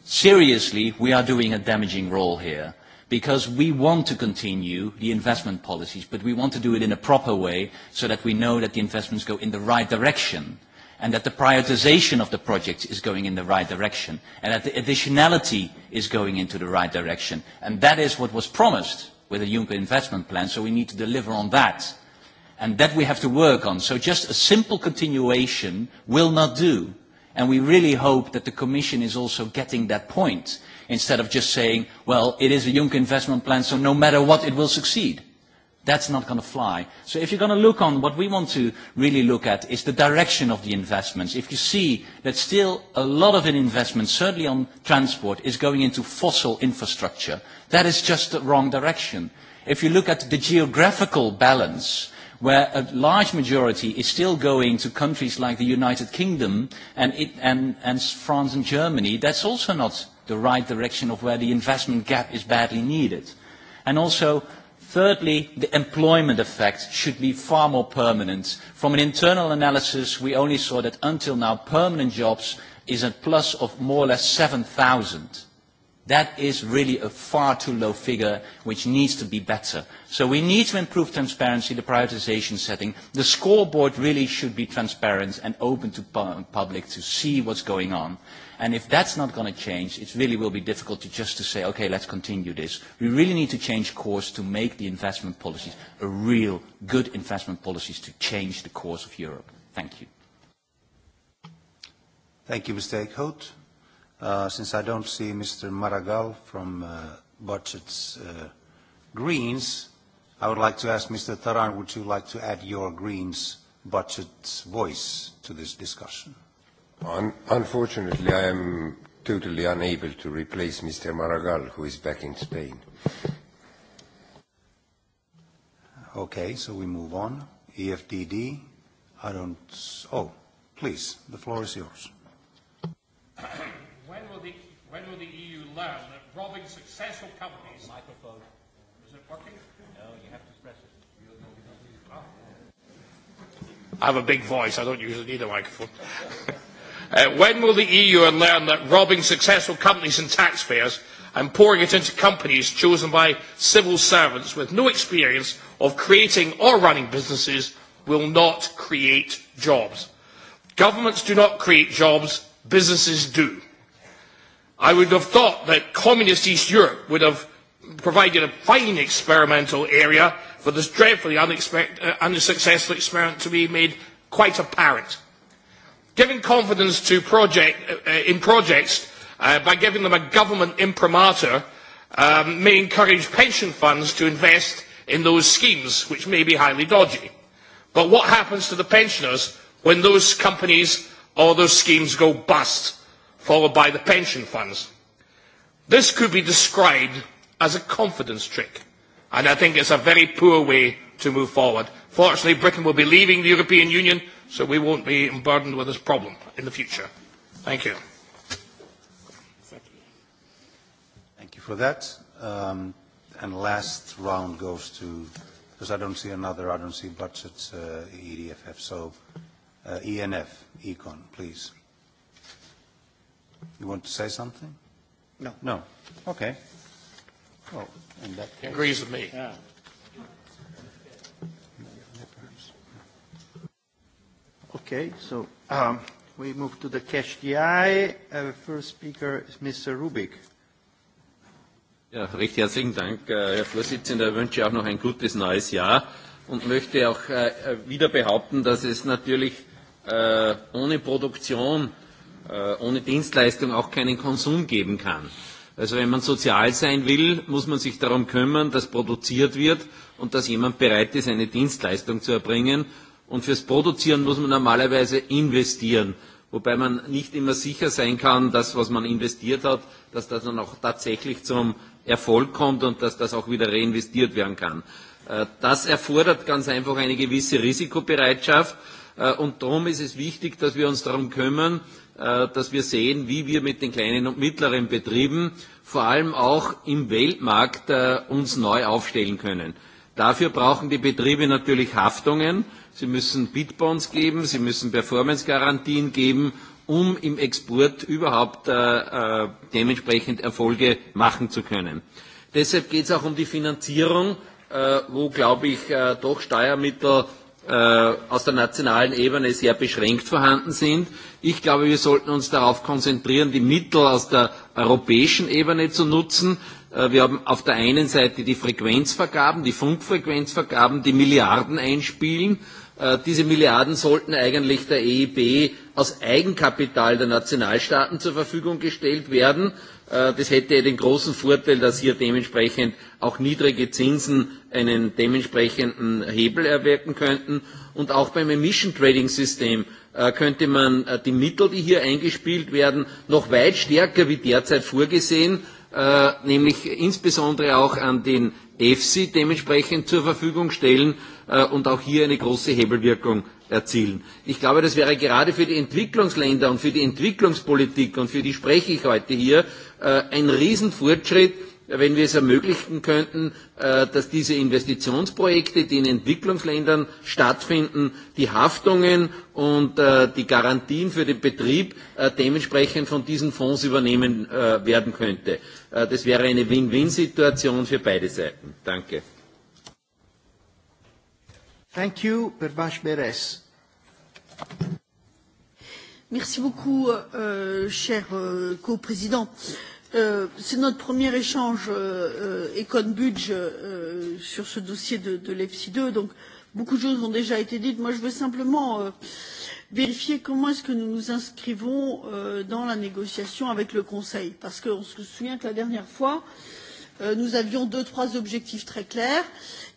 seriously, we are doing a damaging role here because we want to continue the investment policies, but we want to do it in a proper way so that we know that the investments go in the right direction and that the prioritization of the projects is going in the right direction and that the additionality is going into the right direction. And that is what was promised with a Juncker investment plan, so we need to deliver on that. And that we have to work on. So just a simple continuation will not do. And we really hope that the Commission is also getting that point, instead of just saying, well, it is a Juncker investment plan, so no matter what, it will succeed. That's not going to fly. So if you're going to look on, what we want to really look at is the direction of the investments. If you see that still a lot of an investment, certainly on transport, is going into fossil infrastructure, that is just the wrong direction. If you look at the geographical balance, where a large majority is still going to countries like the United Kingdom and, it, and, and France and Germany, that's also not the right direction of where the investment gap is badly needed. And also, Thirdly, the employment effect should be far more permanent. From an internal analysis, we only saw that until now permanent jobs is a plus of more or less 7,000. That is really a far too low figure which needs to be better. So we need to improve transparency, the prioritization setting. The scoreboard really should be transparent and open to public to see what's going on. And if that's not going to change, it really will be difficult to just to say, okay, let's continue this. We really need to change course to make the investment policies a real good investment policies to change the course of Europe. Thank you. Thank you, Mr. Eichholt. Uh, since I don't see Mr. Maragall from uh, Budget's uh, Greens, I would like to ask Mr. Taran, would you like to add your Greens budget's voice to this discussion? Un unfortunately, I am totally unable to replace Mr. Maragall, who is back in Spain. Okay, so we move on. EFDD, I don't... Oh, please, the floor is yours. When will the, when will the EU learn that robbing successful companies... microphone. Is it working? No, you have to press it. Ah. I have a big voice. I don't usually need a microphone. [LAUGHS] Uh, when will the EU learn that robbing successful companies and taxpayers and pouring it into companies chosen by civil servants with no experience of creating or running businesses will not create jobs? Governments do not create jobs, businesses do. I would have thought that communist East Europe would have provided a fine experimental area for this dreadfully uh, unsuccessful experiment to be made quite apparent. Giving confidence to project, uh, uh, in projects uh, by giving them a government imprimatur um, may encourage pension funds to invest in those schemes, which may be highly dodgy. But what happens to the pensioners when those companies or those schemes go bust, followed by the pension funds? This could be described as a confidence trick, and I think it's a very poor way to move forward. Fortunately, Britain will be leaving the European Union so we won't be burdened with this problem in the future. Thank you. Thank you for that. Um, and last round goes to, because I don't see another, I don't see budgets, uh, EDFF, so uh, ENF, Econ, please. You want to say something? No. No. Okay. Well, oh, and that case. Agrees with me. Yeah. Okay, so um, we move to the cash DI. Uh, first speaker is Mr. Rubik. Ja, recht herzlichen Dank, äh, Herr Vorsitzender. Ich wünsche auch noch ein gutes neues Jahr und möchte auch äh, wieder behaupten, dass es natürlich äh, ohne Produktion, ohne Dienstleistung auch keinen Konsum geben kann. Also wenn man sozial sein will, muss man sich darum kümmern, dass produziert wird und dass jemand bereit ist, eine Dienstleistung zu erbringen. Und fürs Produzieren muss man normalerweise investieren, wobei man nicht immer sicher sein kann, dass was man investiert hat, dass das dann auch tatsächlich zum Erfolg kommt und dass das auch wieder reinvestiert werden kann. Äh, das erfordert ganz einfach eine gewisse Risikobereitschaft. Äh, und darum ist es wichtig, dass wir uns darum kümmern, äh, dass wir sehen, wie wir mit den kleinen und mittleren Betrieben vor allem auch im Weltmarkt uns neu aufstellen können. Dafür brauchen die Betriebe natürlich Haftungen. Sie müssen Bitbonds geben, Sie müssen Performance-Garantien geben, um im Export überhaupt äh, äh, dementsprechend Erfolge machen zu können. Deshalb geht es auch um die Finanzierung, äh, wo, glaube ich, äh, doch Steuermittel äh, aus der nationalen Ebene sehr beschränkt vorhanden sind. Ich glaube, wir sollten uns darauf konzentrieren, die Mittel aus der europäischen Ebene zu nutzen. Äh, wir haben auf der einen Seite die Frequenzvergaben, die Funkfrequenzvergaben, die Milliarden einspielen. Äh, diese Milliarden sollten eigentlich der EIB e aus Eigenkapital der Nationalstaaten zur Verfügung gestellt werden. Äh, das hätte den großen Vorteil, dass hier dementsprechend auch niedrige Zinsen einen dementsprechenden Hebel erwirken könnten. Und auch beim Emission Trading System äh, könnte man die Mittel, die hier eingespielt werden, noch weit stärker wie derzeit vorgesehen äh, nämlich insbesondere auch an den EFSI dementsprechend zur Verfügung stellen äh, und auch hier eine große Hebelwirkung erzielen. Ich glaube, das wäre gerade für die Entwicklungsländer und für die Entwicklungspolitik, und für die spreche ich heute hier, äh, ein Riesenfortschritt, wenn wir es ermöglichen könnten, äh, dass diese Investitionsprojekte, die in Entwicklungsländern stattfinden, die Haftungen und äh, die Garantien für den Betrieb äh, dementsprechend von diesen Fonds übernehmen werden könnte. Das wäre eine Win-Win-Situation für beide Seiten. Danke. Thank you, Pervash Beres. Merci beaucoup, euh, cher euh, coprésident. Euh, Euh, c'est notre premier échange euh, Econ Budge euh, sur ce dossier de, de l'EFSI 2, donc beaucoup de choses ont déjà été dites. Moi, je veux simplement euh, vérifier comment est-ce que nous nous inscrivons euh, dans la négociation avec le Conseil, parce qu'on se souvient que la dernière fois, euh, nous avions deux, trois objectifs très clairs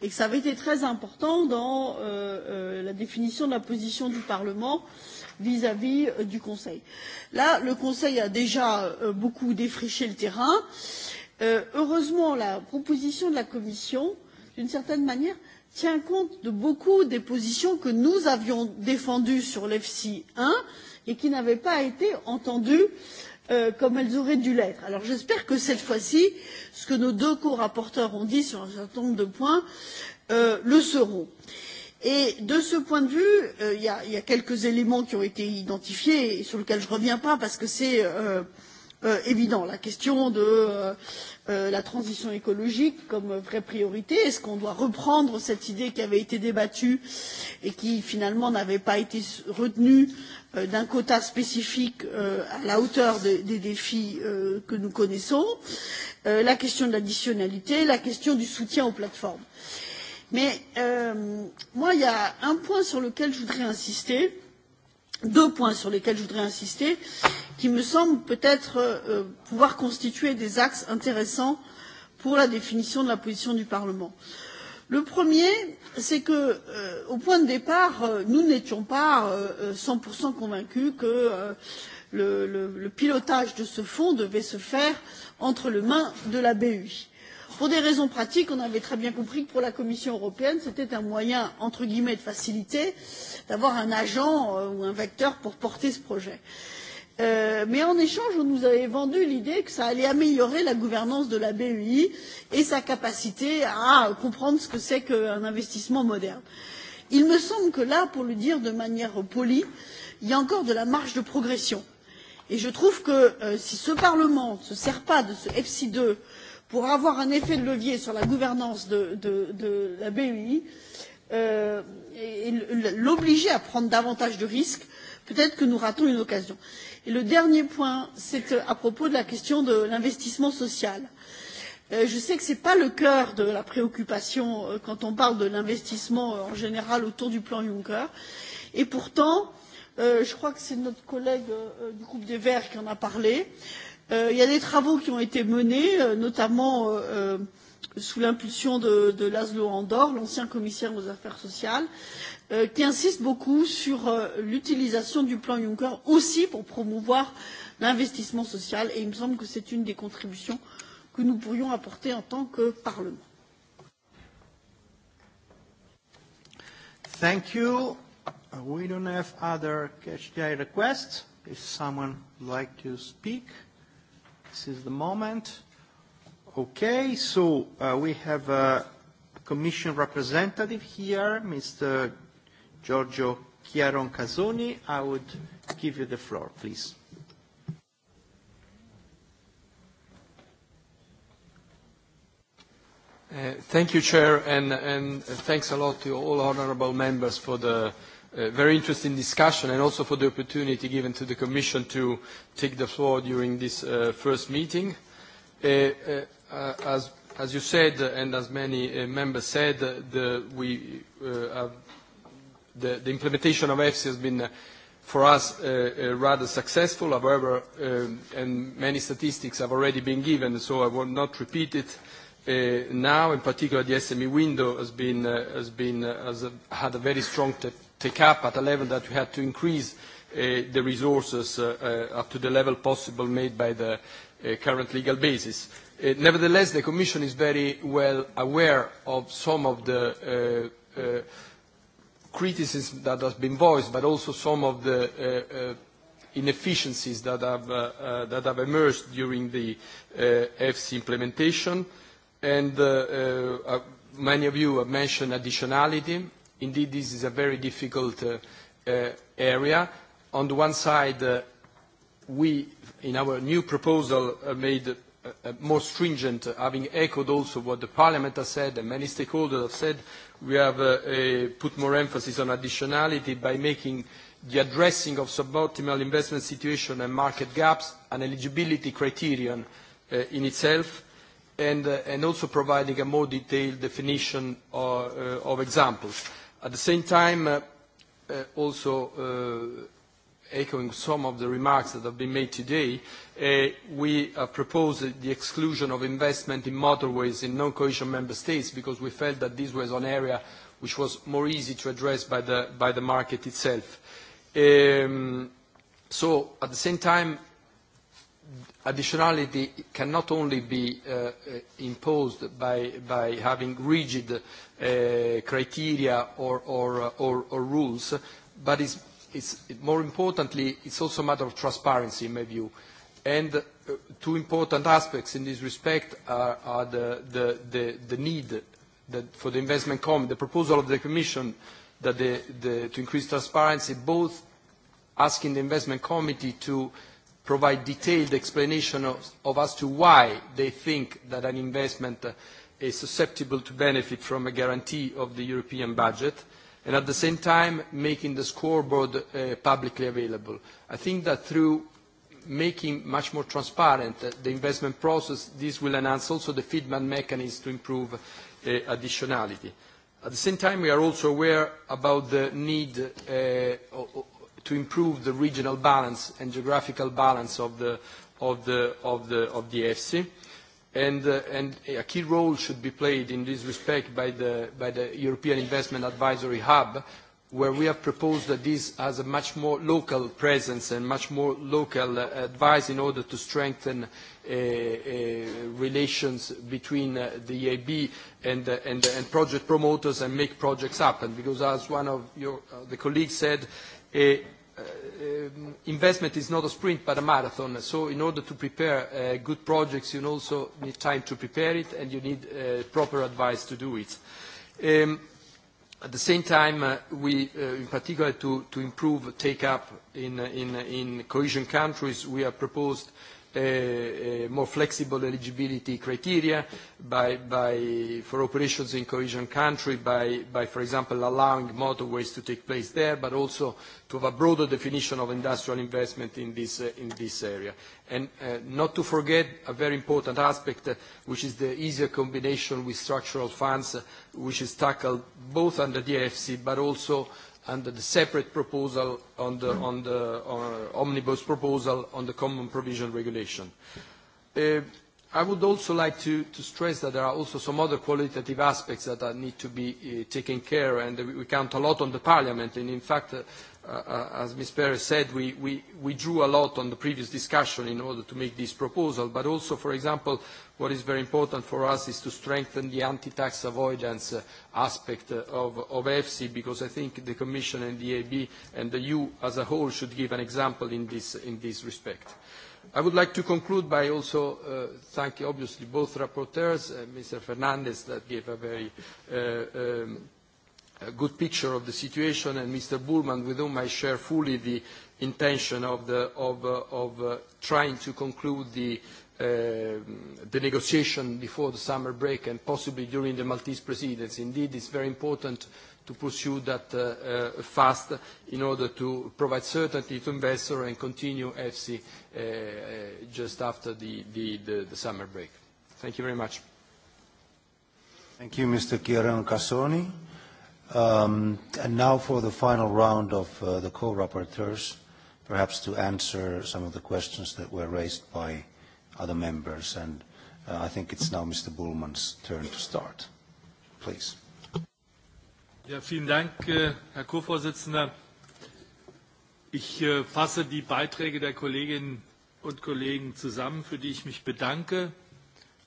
et que ça avait été très important dans euh, euh, la définition de la position du Parlement. Euh, vis à vis du conseil. là le conseil a déjà euh, beaucoup défriché le terrain. Euh, heureusement la proposition de la commission d'une certaine manière tient compte de beaucoup des positions que nous avions défendues sur l'efsi un et qui n'avaient pas été entendues euh, comme elles auraient dû l'être. alors j'espère que cette fois ci ce que nos deux corapporteurs ont dit sur un certain nombre de points le seront et de ce point de vue euh, il euh, y, y a quelques éléments qui ont été identifiés et sur lesquels je ne reviens pas parce que c'est euh, euh, évident la question de euh, euh, la transition écologique comme vraie priorité est ce qu'on doit reprendre cette idée qui avait été débattue et qui finalement n'avait pas été retenue euh, d'un quota spécifique euh, à la hauteur de, des défis euh, que nous connaissons euh, la question de l'additionnalité la question du soutien aux plateformes? Mais euh, moi, il y a un point sur lequel je voudrais insister, deux points sur lesquels je voudrais insister, qui me semblent peut-être euh, pouvoir constituer des axes intéressants pour la définition de la position du Parlement. Le premier, c'est que, euh, au point de départ, euh, nous n'étions pas euh, 100% euh, convaincus que euh, le, le, le pilotage de ce fonds devait se faire entre les mains de la BUI. Euh, pour des raisons pratiques on avait très bien compris que pour la commission européenne c'était un moyen entre guillemets de facilité d'avoir un agent euh, ou un vecteur pour porter ce projet. Euh, mais en échange on nous avait vendu l'idée que ça allait améliorer la gouvernance de la bei et sa capacité à comprendre ce que c'est qu'un investissement moderne. il me semble que là pour le dire de manière polie il y a encore de la marge de progression et je trouve que euh, si ce parlement ne se sert pas de ce efsi ii pour avoir un effet de levier sur la gouvernance de, de, de la bei euh, et, et l'obliger à prendre davantage de risques peut être que nous ratons une occasion. Et le dernier point c'est euh, à propos de la question de l'investissement social. Euh, je sais que ce n'est pas le cœur de la préoccupation euh, quand on parle de l'investissement euh, en général autour du plan juncker et pourtant euh, je crois que c'est notre collègue euh, du groupe des verts qui en a parlé Euh, Euh, il y a des travaux qui ont été menés, euh, notamment euh, euh, sous l'impulsion de, de Laszlo Andor, l'ancien commissaire aux affaires sociales, euh, qui insiste beaucoup sur euh, l'utilisation du plan Juncker aussi pour promouvoir l'investissement social et il me semble que c'est une des contributions que nous pourrions apporter en tant que Parlement. Thank you. We don't have other cash requests. If someone would like to speak. This is the moment. Okay, so uh, we have a Commission representative here, Mr. Giorgio Chiaron Casoni. I would give you the floor, please. Uh, thank you, Chair, and, and thanks a lot to all honorable members for the very interesting discussion and also for the opportunity given to the Commission to take the floor during this uh, first meeting. Uh, uh, uh as, as you said, and as many uh, members said, uh, the, we, uh, have uh, the, the implementation of EFSI has been, uh, for us, uh, uh, rather successful. However, um, and many statistics have already been given, so I will not repeat it. Uh, now, in particular, the SME window has been, uh, has been uh, has uh, had a very strong take up at a level that we had to increase uh, the resources uh, uh, up to the level possible made by the uh, current legal basis. Uh, nevertheless, the Commission is very well aware of some of the uh, uh, criticism that has been voiced, but also some of the uh, uh, inefficiencies that have, uh, uh, that have emerged during the uh, EFSI implementation. And uh, uh, uh, many of you have mentioned additionality Indeed, this is a very difficult uh, uh, area. On the one side, uh, we, in our new proposal, uh, made uh, uh, more stringent, uh, having echoed also what the Parliament has said and many stakeholders have said, we have uh, uh, put more emphasis on additionality by making the addressing of suboptimal investment situation and market gaps an eligibility criterion uh, in itself, and, uh, and also providing a more detailed definition of, uh, uh, of examples. At the same time, uh, uh, also uh, echoing some of the remarks that have been made today, uh, we uh, proposed the exclusion of investment in motorways in non-cohesion member states because we felt that this was an area which was more easy to address by the, by the market itself. Um, so at the same time, additionality cannot only be uh, uh, imposed by, by having rigid uh, criteria or, or, uh, or, or rules, but it's, it's, more importantly, it's also a matter of transparency, in my view. And uh, two important aspects in this respect are, are the, the, the, the need that for the investment committee, the proposal of the Commission that the, the, to increase transparency, both asking the investment committee to uh, provide detailed explanation of, of as to why they think that an investment uh, is susceptible to benefit from a guarantee of the European budget and at the same time making the scoreboard uh, publicly available. I think that through making much more transparent uh, the investment process, this will enhance also the feedback mechanism to improve uh, additionality. At the same time, we are also aware about the need uh, to improve the regional balance and geographical balance of the, of the, of the, of the EFSI. And, uh, and a key role should be played in this respect by the, by the European Investment Advisory Hub, where we have proposed that this has a much more local presence and much more local uh, advice in order to strengthen uh, uh, relations between uh, the EIB and, uh, and, uh, and project promoters and make projects happen. Because as one of your, uh, the colleagues said, uh, um, investment is not a sprint but a marathon. So in order to prepare uh, good projects, you also need time to prepare it and you need uh, proper advice to do it. Um, at the same time, uh, we, uh, in particular to, to improve take-up in, uh, in, in cohesion countries, we have proposed Uh, uh, more flexible eligibility criteria by, by, for operations in cohesion country by, by, for example, allowing motorways to take place there, but also to have a broader definition of industrial investment in this, uh, in this area. And uh, not to forget a very important aspect, uh, which is the easier combination with structural funds, uh, which is tackled both under the EFSI, but also under the separate proposal on the, on the uh, omnibus proposal on the common provision regulation. Uh, I would also like to, to stress that there are also some other qualitative aspects that are, uh, need to be uh, taken care of and we count a lot on the Parliament and in fact, uh, uh, as Ms. Perez said, we, we, we drew a lot on the previous discussion in order to make this proposal, but also, for example, what is very important for us is to strengthen the anti-tax avoidance uh, aspect uh, of, of EFSI because I think the Commission and the EIB and the EU as a whole should give an example in this, in this respect. I would like to conclude by also uh, thanking obviously both rapporteurs, uh, Mr. Fernandez that gave a very uh, um, a good picture of the situation and Mr. Bullman with whom I share fully the intention of, the, of, uh, of uh, trying to conclude the Uh, the negotiation before the summer break and possibly during the Maltese presidency. Indeed, it's very important to pursue that uh, uh, fast in order to provide certainty to investor and continue EFSI uh, uh, just after the, the, the, the summer break. Thank you very much. Thank you, Mr. Kieran Cassoni. Um, and now for the final round of uh, the co-rapporteurs, perhaps to answer some of the questions that were raised by other members. And uh, I think it's now Mr. Bullman's turn to start. Please. Ja, vielen Dank, äh, Herr Co-Vorsitzender. Ich äh, fasse die Beiträge der Kolleginnen und Kollegen zusammen, für die ich mich bedanke.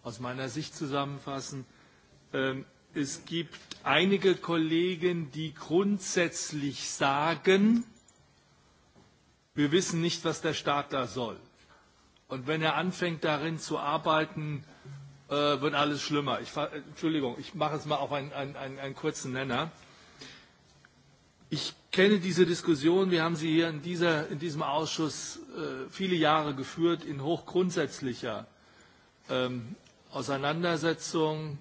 Aus meiner Sicht zusammenfassen. Ähm, es gibt einige Kollegen, die grundsätzlich sagen, wir wissen nicht, was der Staat da soll. Und wenn er anfängt, darin zu arbeiten, äh, wird alles schlimmer. Ich, Entschuldigung, ich mache es mal auf einen, einen, einen, einen kurzen Nenner. Ich kenne diese Diskussion, wir haben sie hier in, dieser, in diesem Ausschuss äh, viele Jahre geführt, in hochgrundsätzlicher ähm, Auseinandersetzung.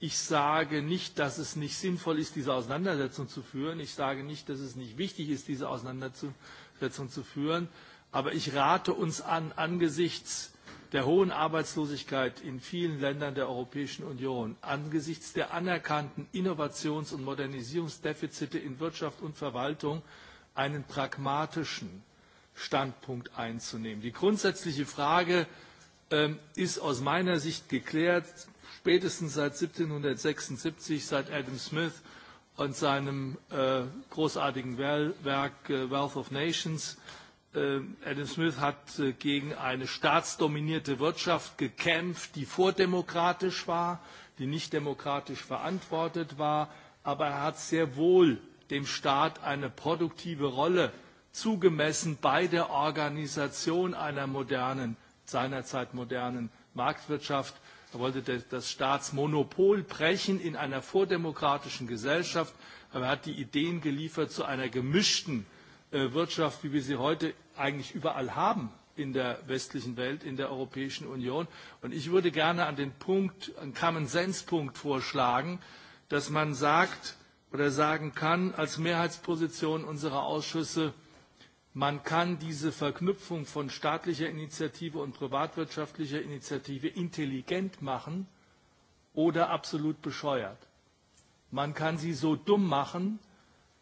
Ich sage nicht, dass es nicht sinnvoll ist, diese Auseinandersetzung zu führen. Ich sage nicht, dass es nicht wichtig ist, diese Auseinandersetzung zu führen. Aber ich rate uns an, angesichts der hohen Arbeitslosigkeit in vielen Ländern der Europäischen Union, angesichts der anerkannten Innovations- und Modernisierungsdefizite in Wirtschaft und Verwaltung, einen pragmatischen Standpunkt einzunehmen. Die grundsätzliche Frage ähm, ist aus meiner Sicht geklärt, spätestens seit 1776, seit Adam Smith und seinem äh, großartigen Werk äh, Wealth of Nations – Äh, Adam Smith hat äh, gegen eine staatsdominierte Wirtschaft gekämpft, die vordemokratisch war, die nicht demokratisch verantwortet war, aber er hat sehr wohl dem Staat eine produktive Rolle zugemessen bei der Organisation einer modernen, seinerzeit modernen Marktwirtschaft. Er wollte das Staatsmonopol brechen in einer vordemokratischen Gesellschaft, aber er hat die Ideen geliefert zu einer gemischten äh, Wirtschaft, wie wir sie heute eigentlich überall haben in der westlichen Welt, in der Europäischen Union. Und ich würde gerne an den Punkt, einen Common-Sense-Punkt vorschlagen, dass man sagt oder sagen kann, als Mehrheitsposition unserer Ausschüsse, man kann diese Verknüpfung von staatlicher Initiative und privatwirtschaftlicher Initiative intelligent machen oder absolut bescheuert. Man kann sie so dumm machen,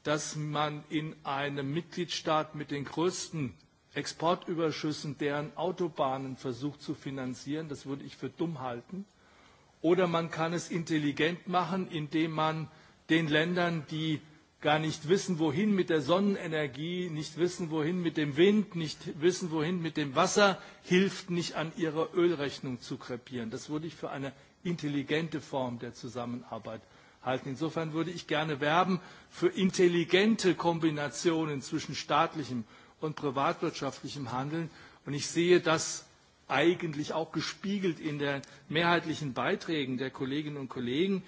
dass man in einem Mitgliedstaat mit den größten Exportüberschüssen deren Autobahnen versucht zu finanzieren. Das würde ich für dumm halten. Oder man kann es intelligent machen, indem man den Ländern, die gar nicht wissen, wohin mit der Sonnenenergie, nicht wissen, wohin mit dem Wind, nicht wissen, wohin mit dem Wasser, hilft, nicht an ihrer Ölrechnung zu krepieren. Das würde ich für eine intelligente Form der Zusammenarbeit halten. Insofern würde ich gerne werben für intelligente Kombinationen zwischen staatlichem und privatwirtschaftlichem Handeln. Und ich sehe das eigentlich auch gespiegelt in den mehrheitlichen Beiträgen der Kolleginnen und Kollegen,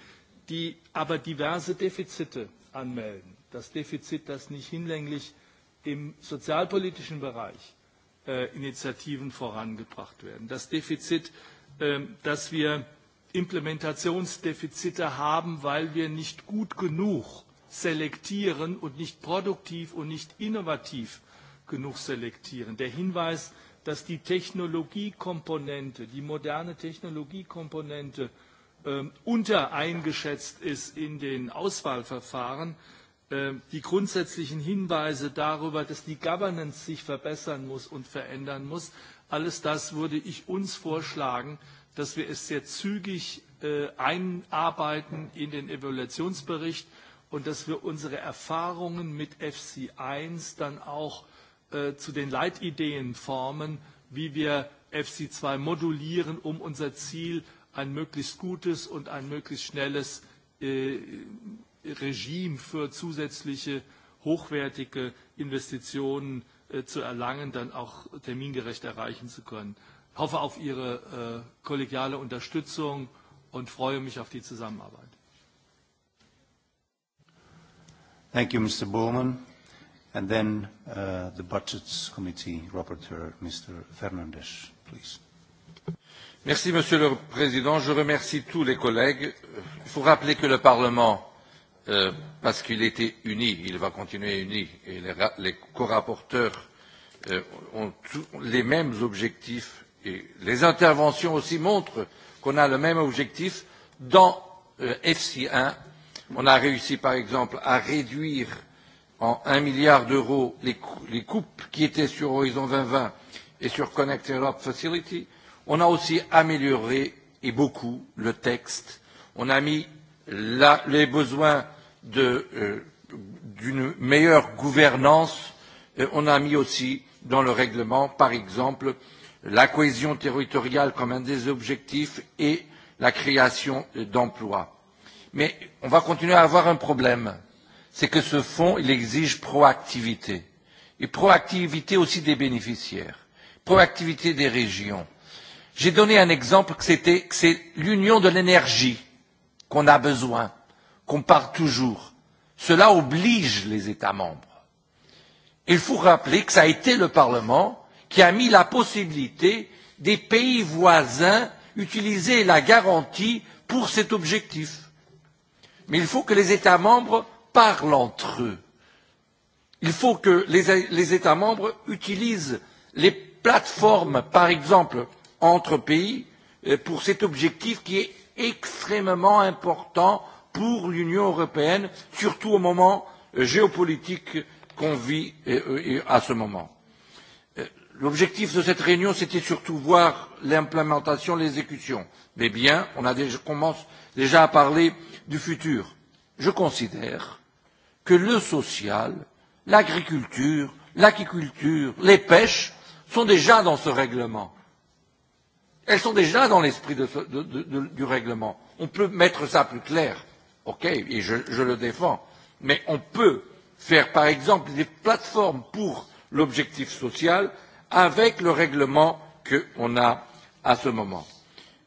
die aber diverse Defizite anmelden. Das Defizit, dass nicht hinlänglich im sozialpolitischen Bereich äh, Initiativen vorangebracht werden. Das Defizit, äh, dass wir Implementationsdefizite haben, weil wir nicht gut genug selektieren und nicht produktiv und nicht innovativ genug selektieren. Der Hinweis, dass die Technologiekomponente, die moderne Technologiekomponente äh, untereingeschätzt ist in den Auswahlverfahren, äh, die grundsätzlichen Hinweise darüber, dass die Governance sich verbessern muss und verändern muss, alles das würde ich uns vorschlagen, dass wir es sehr zügig äh, einarbeiten in den Evaluationsbericht und dass wir unsere Erfahrungen mit FC1 dann auch äh, zu den Leitideen formen, wie wir FC2 modulieren, um unser Ziel, ein möglichst gutes und ein möglichst schnelles äh, Regime für zusätzliche hochwertige Investitionen zu erlangen, dann auch termingerecht erreichen zu können. Ich hoffe auf Ihre äh, kollegiale Unterstützung und freue mich auf die Zusammenarbeit. Thank you, Mr. Bowman. And then uh, the Budgets Committee Rapporteur, Mr. Fernandes, please. Merci, Monsieur le Président. Je remercie tous les collègues. Il faut rappeler que le Parlement, euh, parce qu'il était uni, il va continuer uni, et les, les co-rapporteurs euh, ont tous les mêmes objectifs et les interventions aussi montrent qu'on a le même objectif dans EFSI euh, un On a réussi par exemple à réduire en un milliard d'euros les, les coupes qui étaient sur Horizon 2020 et sur Connect Europe Facility. On a aussi amélioré et beaucoup le texte. On a mis la, les besoins euh, d'une euh, meilleure gouvernance. Euh, on a mis aussi dans le règlement, par exemple, la cohésion territoriale comme un des objectifs et la création d'emplois. Mais on va continuer à avoir un problème, c'est que ce fonds, il exige proactivité. Et proactivité aussi des bénéficiaires, proactivité des régions. J'ai donné un exemple que c'était que c'est l'union de l'énergie qu'on a besoin, qu'on parle toujours. Cela oblige les États membres. Il faut rappeler que ça a été le Parlement qui a mis la possibilité des pays voisins d'utiliser la garantie pour cet objectif. Mais il faut que les États membres parlent entre eux. Il faut que les, les États membres utilisent les plateformes, par exemple, entre pays, euh, pour cet objectif qui est extrêmement important pour l'Union européenne, surtout au moment euh, géopolitique qu'on vit euh, à ce moment. L'objectif de cette réunion, c'était surtout voir l'implémentation, l'exécution. Mais bien, on a déjà, commence déjà à parler du futur. Je considère que le social, l'agriculture, l'aquiculture, les pêches sont déjà dans ce règlement. Elles sont déjà dans l'esprit de, de, de, de, du règlement. On peut mettre ça plus clair, ok, et je, je le défends, mais on peut faire par exemple des plateformes pour l'objectif social avec le règlement que qu'on a à ce moment.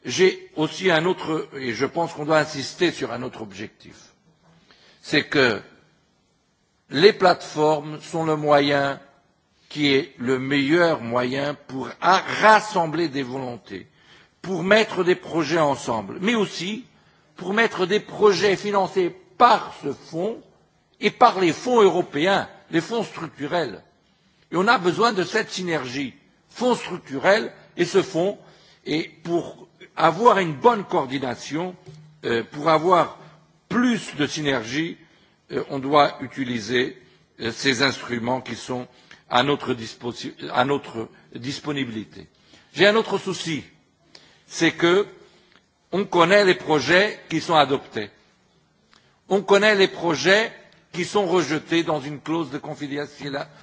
J'ai aussi un autre, et je pense qu'on doit insister sur un autre objectif, c'est que les plateformes sont le moyen qui est le meilleur moyen pour rassembler des volontés, pour mettre des projets ensemble, mais aussi pour mettre des projets financés par ce fonds et par les fonds européens, les fonds structurels Et on a besoin de cette synergie, fonds structurels et ce fonds, et pour avoir une bonne coordination, euh, pour avoir plus de synergie, euh, on doit utiliser euh, ces instruments qui sont à notre, à notre disponibilité. J'ai un autre souci, c'est que on connaît les projets qui sont adoptés. On connaît les projets qui sont rejetés dans une clause de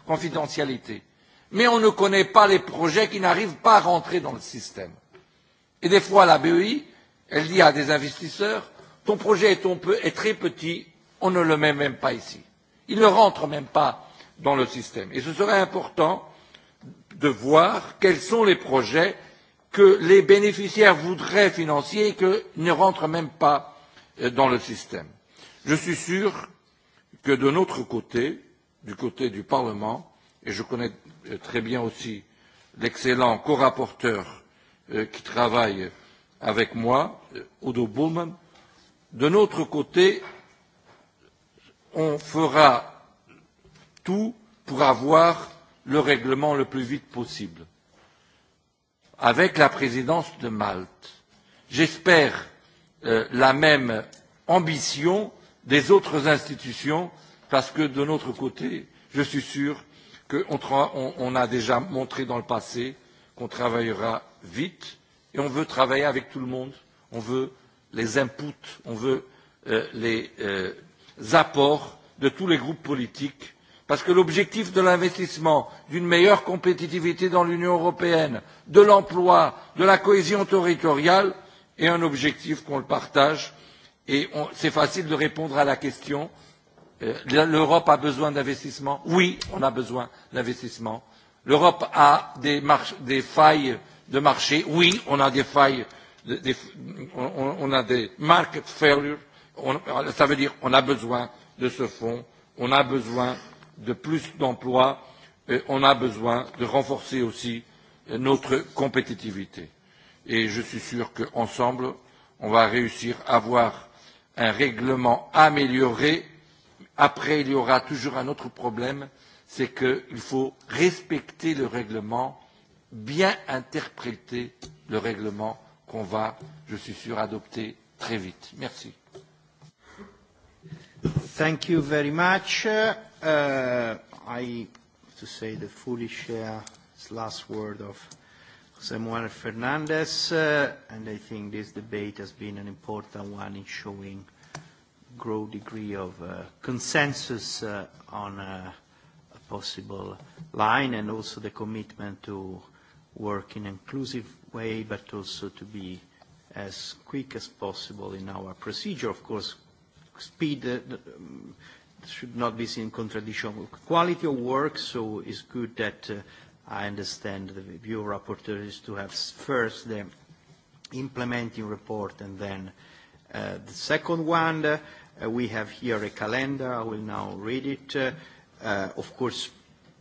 confidentialité. Mais on ne connaît pas les projets qui n'arrivent pas à rentrer dans le système. Et des fois, la BEI, elle dit à des investisseurs, ton projet est, ton peu, est très petit, on ne le met même pas ici. Il ne rentre même pas dans le système. Et ce serait important de voir quels sont les projets que les bénéficiaires voudraient financer et qui ne rentrent même pas euh, dans le système. Je suis sûr que de notre côté, du côté du Parlement, et je connais euh, très bien aussi l'excellent corapporteur euh, qui travaille avec moi, euh, Udo Bullmann, de notre côté, on fera tout pour avoir le règlement le plus vite possible, avec la présidence de Malte. J'espère euh, la même ambition des autres institutions, parce que de notre côté, je suis sûr qu'on a déjà montré dans le passé qu'on travaillera vite et on veut travailler avec tout le monde, on veut les inputs, on veut euh, les euh, apports de tous les groupes politiques, parce que l'objectif de l'investissement, d'une meilleure compétitivité dans l'Union européenne, de l'emploi, de la cohésion territoriale est un objectif qu'on partage Et c'est facile de répondre à la question euh, l'Europe a besoin d'investissements Oui, on a besoin d'investissements L'Europe a des, failles de marché Oui, on a des failles, on, a des market failures. cela veut dire qu'on a besoin de ce fonds, on a besoin de plus d'emplois, et on a besoin de renforcer aussi euh, notre compétitivité. Et je suis sûr qu'ensemble, on va réussir à avoir un règlement amélioré, après il y aura toujours un autre problème, c'est qu'il faut respecter le règlement, bien interpréter le règlement qu'on va, je suis sûr, adopter très vite. Merci. Thank you very much. Uh, I to say the foolish uh, last word of Samuel Fernández, uh, and I think this debate has been an important one in showing grow degree of uh, consensus uh, on a, uh, a possible line and also the commitment to work in an inclusive way, but also to be as quick as possible in our procedure. Of course, speed uh, um, should not be seen in contradiction with quality of work, so it's good that uh, I understand the view of rapporteur is to have first the implementing report and then uh, the second one. Uh, we have here a calendar. I will now read it. Uh, uh, of course,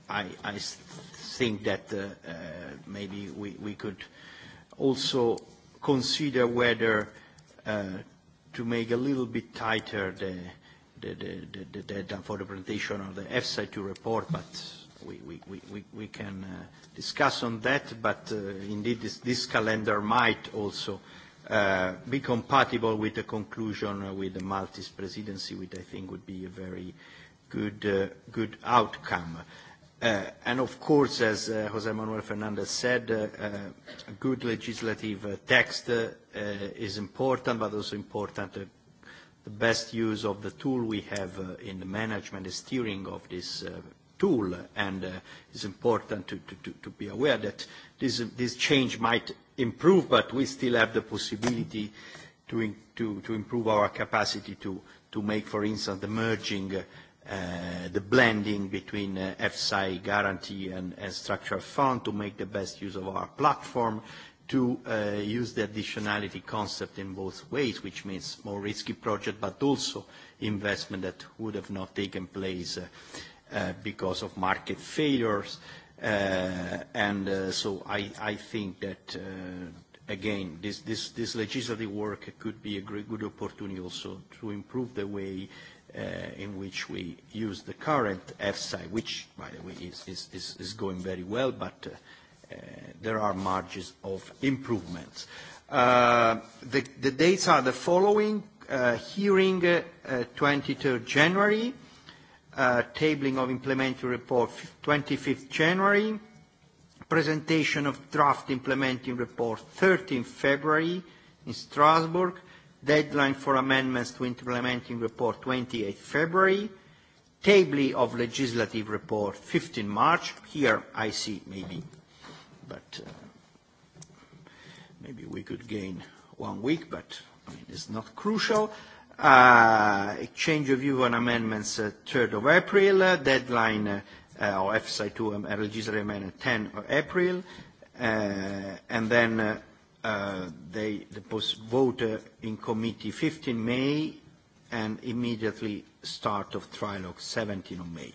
I, I think that uh, uh, maybe we, we could also consider whether uh, to make a little bit tighter the, the, the, the, the deadline for the presentation of the F-side to report, but we, we, we, can uh, discuss on that, but uh, indeed this, this calendar might also uh, be compatible with the conclusion uh, with the Maltese presidency, which I think would be a very good, uh, good outcome. Uh, and of course, as uh, Jose Manuel Fernandez said, uh, uh, a good legislative uh, text uh, uh, is important, but also important uh, the best use of the tool we have uh, in the management and steering of this uh, tool, and uh, it's important to, to, to be aware that this, this change might improve, but we still have the possibility to, in, to, to improve our capacity to, to make, for instance, the merging, uh, the blending between uh, FSI guarantee and, and structural fund to make the best use of our platform, to uh, use the additionality concept in both ways, which means more risky project, but also investment that would have not taken place uh, Uh, because of market failures. Uh, and uh, so I, think that, again, this, this, legislative work could be a great, good opportunity also to improve the way in which we use the current EFSI, which, by the way, is, is, is, going very well, but there are margins of improvements. the, the dates are the following. hearing 23rd January, uh, tabling of implementing report 25th January, presentation of draft implementing report 13 February in Strasbourg, deadline for amendments to implementing report 28 February, tabling of legislative report 15 March. Here I see maybe, but uh, maybe we could gain one week, but I mean, it's not crucial. Uh, exchange of view on amendments uh, 3rd of April, uh, deadline uh, uh or FSI 2 um, legislative amendment 10 of April, uh, and then uh, uh, they, the post vote uh, in committee 15 May and immediately start of trilogue 17 of May.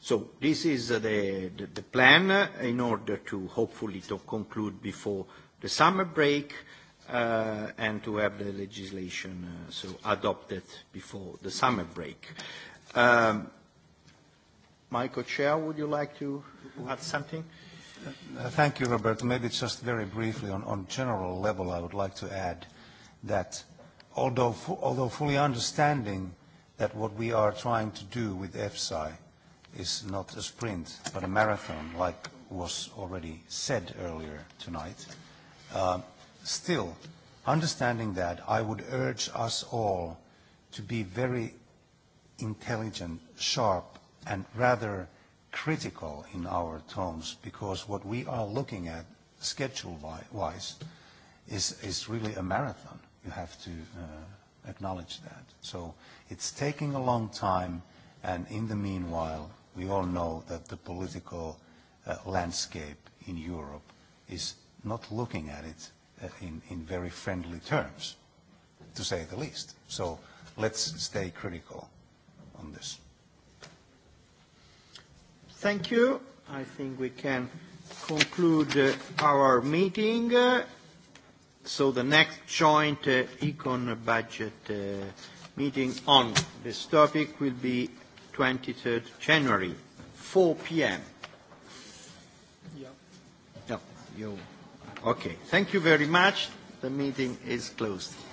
So this is uh, the, the, the plan uh, in order to hopefully to conclude before the summer break uh, and to have the legislation uh, so adopted before the summer break. Um, Michael Chair, would you like to add something? Uh, uh thank you, Roberto. Maybe just very briefly on, on general level, I would like to add that although, fu although fully understanding that what we are trying to do with EFSI is not a sprint but a marathon, like was already said earlier tonight, uh, Still, understanding that, I would urge us all to be very intelligent, sharp, and rather critical in our tones, because what we are looking at schedule-wise is, is really a marathon. You have to uh, acknowledge that. So it's taking a long time, and in the meanwhile, we all know that the political uh, landscape in Europe is not looking at it in, in very friendly terms, to say the least. So let's stay critical on this. Thank you. I think we can conclude uh, our meeting. so the next joint uh, econ budget uh, meeting on this topic will be 23rd January, 4 p.m. Yeah. No, you. Okay. Thank you very much. The meeting is closed.